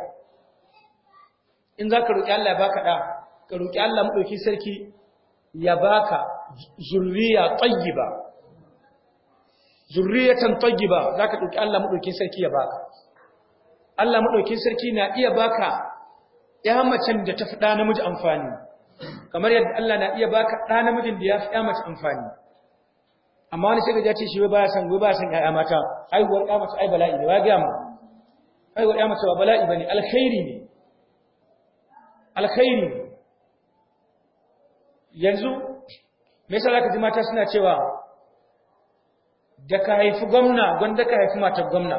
in za ka roƙi Allah ya baka da, ka roƙi Allah maɗauki sarki ya baka zurriya tayyiba zurriyatan tayyiba za ka roƙi Allah maɗauki sarki ya baka Allah maɗauki sarki na iya baka ya macen da ta fi ɗa namiji amfani kamar yadda Allah na iya baka ɗa namijin da ya fi ya mace amfani amma wani sai ga ce shi baya san gobe baya san ƴaƴa mata ai haihuwar ƴa mata ai bala'i ne wa ga mu haihuwar ƴa mata ba bala'i bane alkhairi ne alkhairi yanzu me yasa zaka ji mata suna cewa da ka haifi gwamna gwanda ka haifi matar gwamna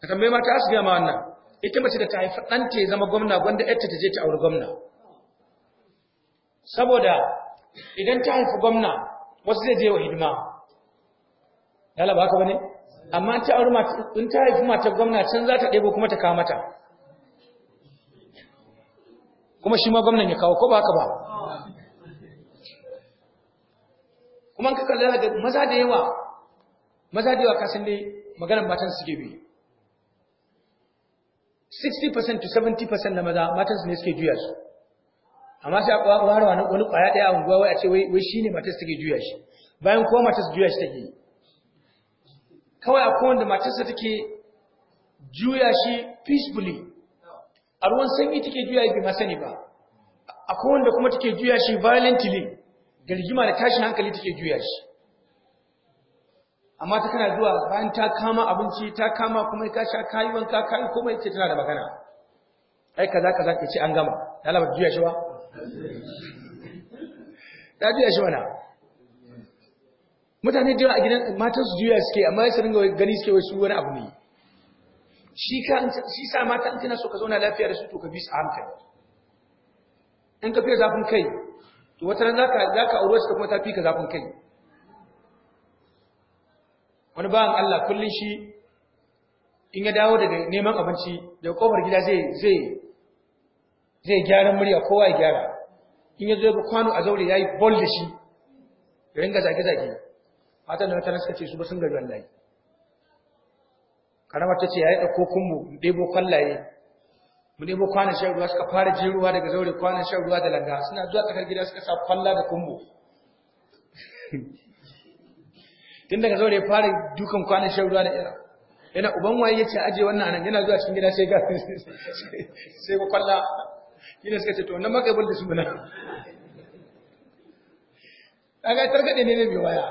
ka tambaye mata asu gama wannan ita mace da ta haifi ɗanta ya zama gwamna gwanda ƴarta ta je ta auri gwamna saboda idan ta haifi gwamna wasu zai je wa hidima yala ba haka bane amma ta aure in ta haifi ta gwamna can za ta ɗebo kuma ta kawo mata kuma shi ma gwamnan ya kawo ko ba haka ba kuma ka kalla daga maza da yawa maza da yawa ka san dai maganar matan suke bi 60% to 70% na maza matan su ne suke juya su amma sai a har wani wani kwaya daya a unguwa wai a ce wai shine matar take juya shi bayan ko matar juya shi take kawai akwai wanda matarsa take juya shi peacefully a ruwan sanyi take juya shi ma sani ba akwai wanda kuma take juya shi violently da da tashin hankali take juya shi amma ta kana zuwa bayan ta kama abinci ta kama kuma ka sha kayi wanka kayi kuma ce tana da magana ai kaza kaza ke ce an gama ta laba juya shi ba Tafiya shi wana mutane jira a gidan matan su juya suke amma ya sarin gani suke wasu wani abu ne shi sa mata in so ka zauna lafiya da su to ka bi su a hankali in ka fiye zafin kai to wata ran za ka aure suka kuma ta fi ka zafin kai wani ba'an Allah kullum shi in ya dawo daga neman abinci daga kofar gida zai zai zai gyara murya kowa ya gyara in ya zo ga kwano a zaure yayi bol da shi ya ringa zage zage matan da tana suka ce su ba sun gari wallahi karamar ta ce yayi dauko kunmu mu debo kwallaye mu debo kwanan shan ruwa suka fara jiruwa daga zaure kwanan shan ruwa da langa suna zuwa tsakar gida suka sa kwalla da kunmu *laughs* tun daga zaure fara dukan kwanan shan ruwa da ira yana uban waye ce aje wannan anan yana zuwa cikin gida sai ga *laughs* sai kwalla shi suka ce to wannan makabar da suna kaga targade ne ne biyo baya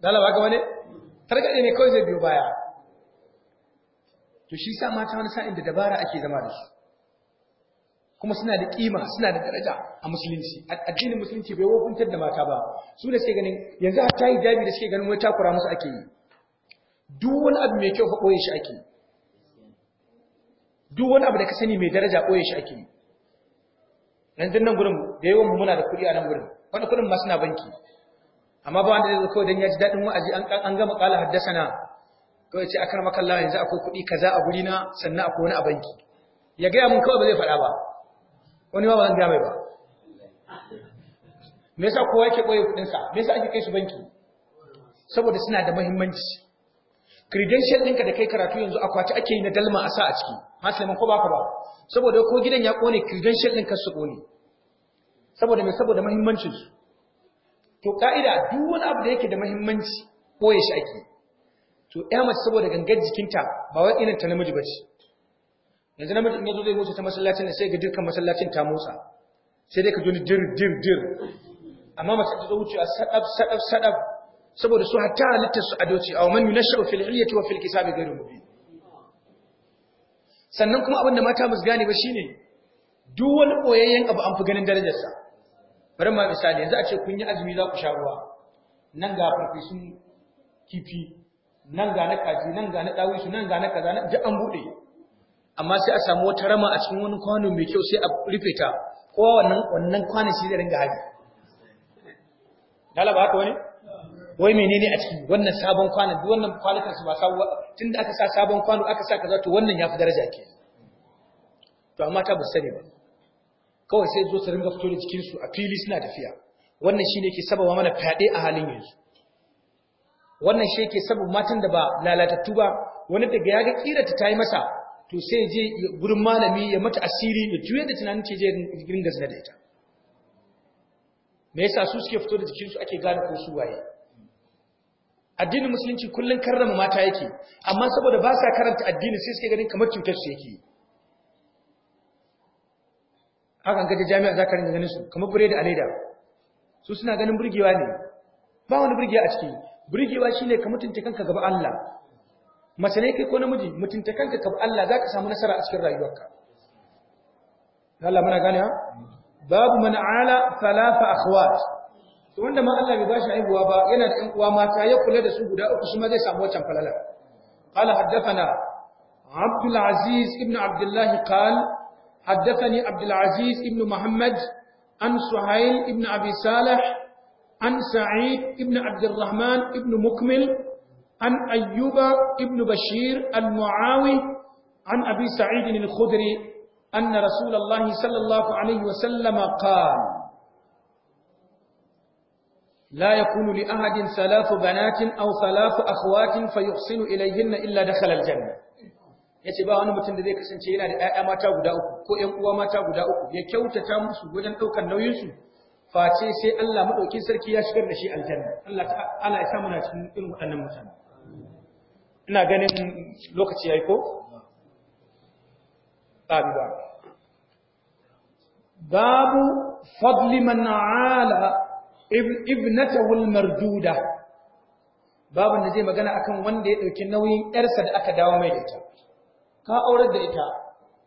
dala ba ka wani targade ne kawai zai biyo baya to shi sa mata wani sa'in da dabara ake zama da su kuma suna da kima suna da daraja a musulunci addinin musulunci bai wofuntar da mata ba su da suke ganin yanzu yi hijabi da suke ganin wata kura musu ake yi duk wani abu mai kyau fa koyi shi ake yi duk wani abu da ka sani mai daraja ɓoye shi ake yi nan duk nan gurin da yawan muna da kuɗi a nan gurin wani kuɗin ma suna banki amma ba wanda zai kawai don ya ji daɗin wa'azi an gama ƙala haddasa na kawai ce akar makalla yanzu akwai kuɗi kaza a guri na sannan akwai wani a banki ya gaya mun kawai ba zai faɗa ba wani ma ba zan gaya mai ba me yasa kowa yake ɓoye kuɗinsa me yasa ake kai su banki saboda suna da muhimmanci credential ɗinka da kai karatu yanzu akwati ake yi na dalma a sa a ciki hasalin ko baka ba saboda ko gidan ya kone credential din kasu kone saboda mai saboda muhimmancin su to ka'ida duk wani abu da yake da muhimmanci ko ya shaki to ya mace saboda gangar jikinta ba wai irin ta namiji bace yanzu namiji in yazo zai motsa ta masallacin sai ga dukkan masallacin ta motsa sai dai ka ji dir dir dir amma mace ta wuce a sadaf sadaf sadaf, saboda su hatta halittar su a doci a waman yunashu fil iliyati wa fil kitabi ghayru mubin sannan kuma abin da mata musu gane ba shine duk wani boyayyen abu an fi ganin darajarsa bari ma misali yanzu a ce kun yi azumi za ku sha ruwa nan ga farfesun kifi nan ga na kaji nan ga na su nan ga na kaza duk an bude amma sai a samu wata rama a cikin wani kwano mai kyau sai a rufe ta kowa wannan wannan kwanan shi zai ringa haji dalaba haka wani wai menene a ciki wannan sabon kwanan duk wannan kwanukan ba sabuwa? tunda aka sa sabon kwano aka sa kaza to wannan yafi daraja ke to amma ta ba sani ba kawai sai zo su ringa fito da jikin su a fili suna tafiya wannan shine ke sababa mana fade a halin yanzu wannan shi yake sabu matan da ba lalatattu ba wani daga ya ga kira ta yi masa to sai je gurin malami ya mata asiri da juye da tunanin ce je ringa zina da ita me yasa su suke fito da jikinsu ake gane ko su waye addinin musulunci kullun karrama mata yake amma saboda ba sa karanta addini sai suke ganin kamar cutar su yake an gaje jami'a za ka rinka ganin su kamar bure da aleda su suna ganin burgewa ne ba wani burgewa a ciki burgewa shine ka mutunta kanka gaba Allah mace ne kai ko namiji mutunta kanka gaba Allah zaka samu nasara a cikin rayuwarka Allah muna gane ha babu man ala thalatha akhwat to wanda ma Allah bai bashi haihuwa ba yana da ƴan uwa mata ya kula da su guda uku shi ma zai samu wancan falala qala haddathana Abdul Aziz ibn Abdullah qal haddathani Abdul Aziz ibn Muhammad an Suhail ibn Abi Salih an Sa'id ibn Abdurrahman ibn Mukmil an Ayyuba ibn Bashir al-Muawi an Abi Sa'id al-Khudri أن رسول الله صلى الله عليه وسلم قال لا يكون لأحد ثلاث بنات أو ثلاث أخوات فيحسن إليهن إلا دخل الجنة yace ba wani mutum da zai kasance yana da ƴaƴa mata guda uku ko ƴan uwa mata guda uku ya kyautata musu wajen ɗaukar nauyinsu. face sai Allah madaukin sarki ya shigar da shi aljanna Allah ta'ala ya samu na cikin irin waɗannan mutane ina ganin lokaci yayi ko babu fadli man ala ibnatahul marduda babu da zai magana akan wanda ya dauki nauyin yarsa da aka dawo mai da ita ka aurar da ita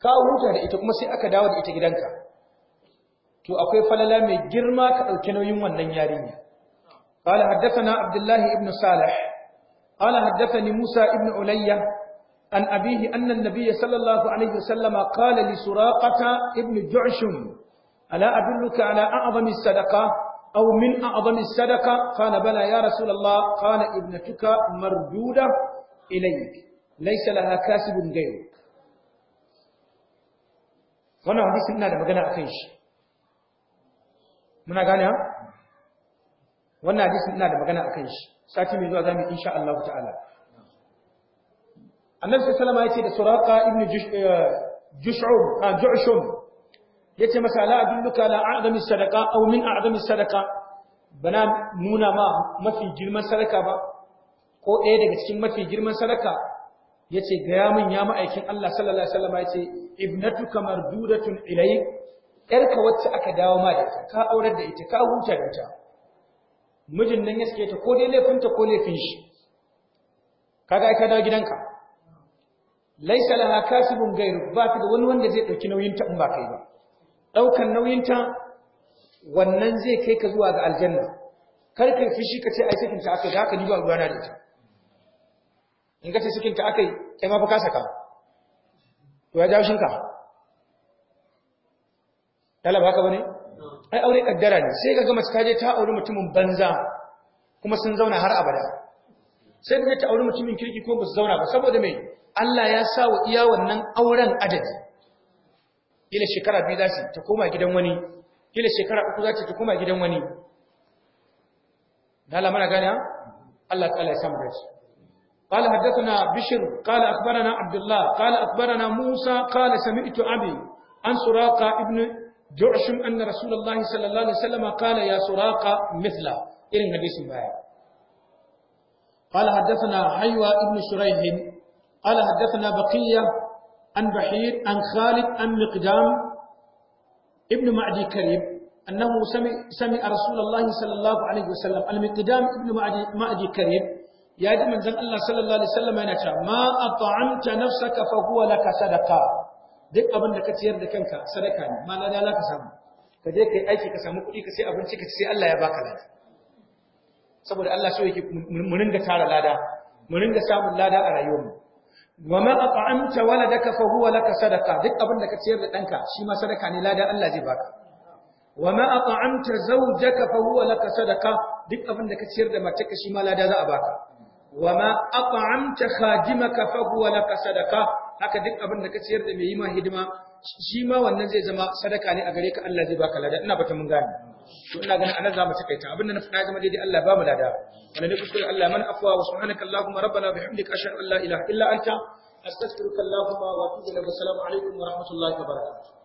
ka huta da ita kuma sai aka dawo da ita gidanka to akwai falala mai girma ka dauki nauyin wannan yarinya قال حدثنا عبد الله بن صالح قال حدثني موسى بن علي عن أبيه أن النبي صلى الله عليه وسلم قال لسراقة ابن جعشم ألا أدلك على أعظم الصدقة أو من أعظم الصدقة قال بلى يا رسول الله قال ابنتك مردودة إليك ليس لها كاسب غيرك wannan hadisin ina da magana akan shi muna gane ha wannan hadisin ina da magana akan shi sati mai zuwa zamu insha Allah ta'ala annabi sallallahu alaihi wasallam ya ce da suraka ibn yace masa la adulluka la a'zami sadaqa aw min a'zami sadaqa bana nuna ma mafi girman sadaka ba ko ɗaya daga cikin mafi girman sadaka yace ga ya min ya ma'aikin Allah sallallahu alaihi wasallam yace ibnatuka mardudatun ilayk yarka wacce aka dawo ma da ita ka aurar da ita ka huta da ita mijin nan ya sake ta ko dai laifinta ko laifin shi kaga ai ka dawo gidanka laysa laha kasibun gairu ba ta da wani wanda zai dauki nauyin ta in ba kai ba ɗaukan nauyinta wannan zai kai ka zuwa ga aljanna kar ka fushi ka ce ai sakin ta aka haka ni ba ruwa na da ita in ka ce sakin ta aka yi kai ma fa ka to ya jawo shinka talaba ka bane ai aure kaddara ne sai ka ga mace ta je ta aure mutumin banza kuma sun zauna har abada sai da ta aure mutumin kirki ko ba su zauna ba saboda me Allah ya sa wa iya wannan auren adadi kila shekara biyu za ta koma gidan wani kila shekara uku za ta koma gidan wani da alamana gani Allah ta'ala ya samu rashi qala haddathana bishr qala akhbarana abdullah qala akhbarana musa qala sami'tu abi an suraqa ibnu ju'shum anna rasulullahi sallallahu alaihi wasallam qala ya suraqa mithla irin hadisin baya qala haddathana haywa ibnu shuraih qala haddathana baqiyya عن بحير عن خالد عن مقدام ابن معدي كريب أنه سمع, سمع رسول الله صلى الله عليه وسلم المقدام ابن معدي, معدي كريب يا من زن الله صلى الله عليه وسلم ينشا ما أطعمت نفسك فهو لك صدقة duk abin da ka ciyar da kanka sadaka ne ma lada za ka samu ka je kai aiki ka samu kuɗi ka sai abinci ka ci sai Allah ya baka lada saboda Allah so yake mu ringa tara samun lada a rayuwarmu wa ma at'amta waladaka fa huwa laka sadaqa duk abin da ka ciyar da danka shi ma sadaka ne ladan Allah zai baka wa ma at'amta zawjaka fa huwa laka sadaqa duk abin da ka ciyar da matarka shi ma lada za a baka wa ma at'amta khadimaka fa huwa laka sadaqa haka duk abin da ka ciyar da mai yi ma hidima shi ma wannan zai zama sadaka ne a gare ka Allah zai baka lada ina fata mun gane to ina ganin anan zamu takaita abinda na faɗa zama daidai Allah ba mu lada wannan ne kuskure Allah man afwa wa subhanaka allahumma rabbana bihamdika ashhadu an la ilaha illa anta astaghfiruka allahumma wa atubu ilaik assalamu alaikum wa rahmatullahi wa barakatuh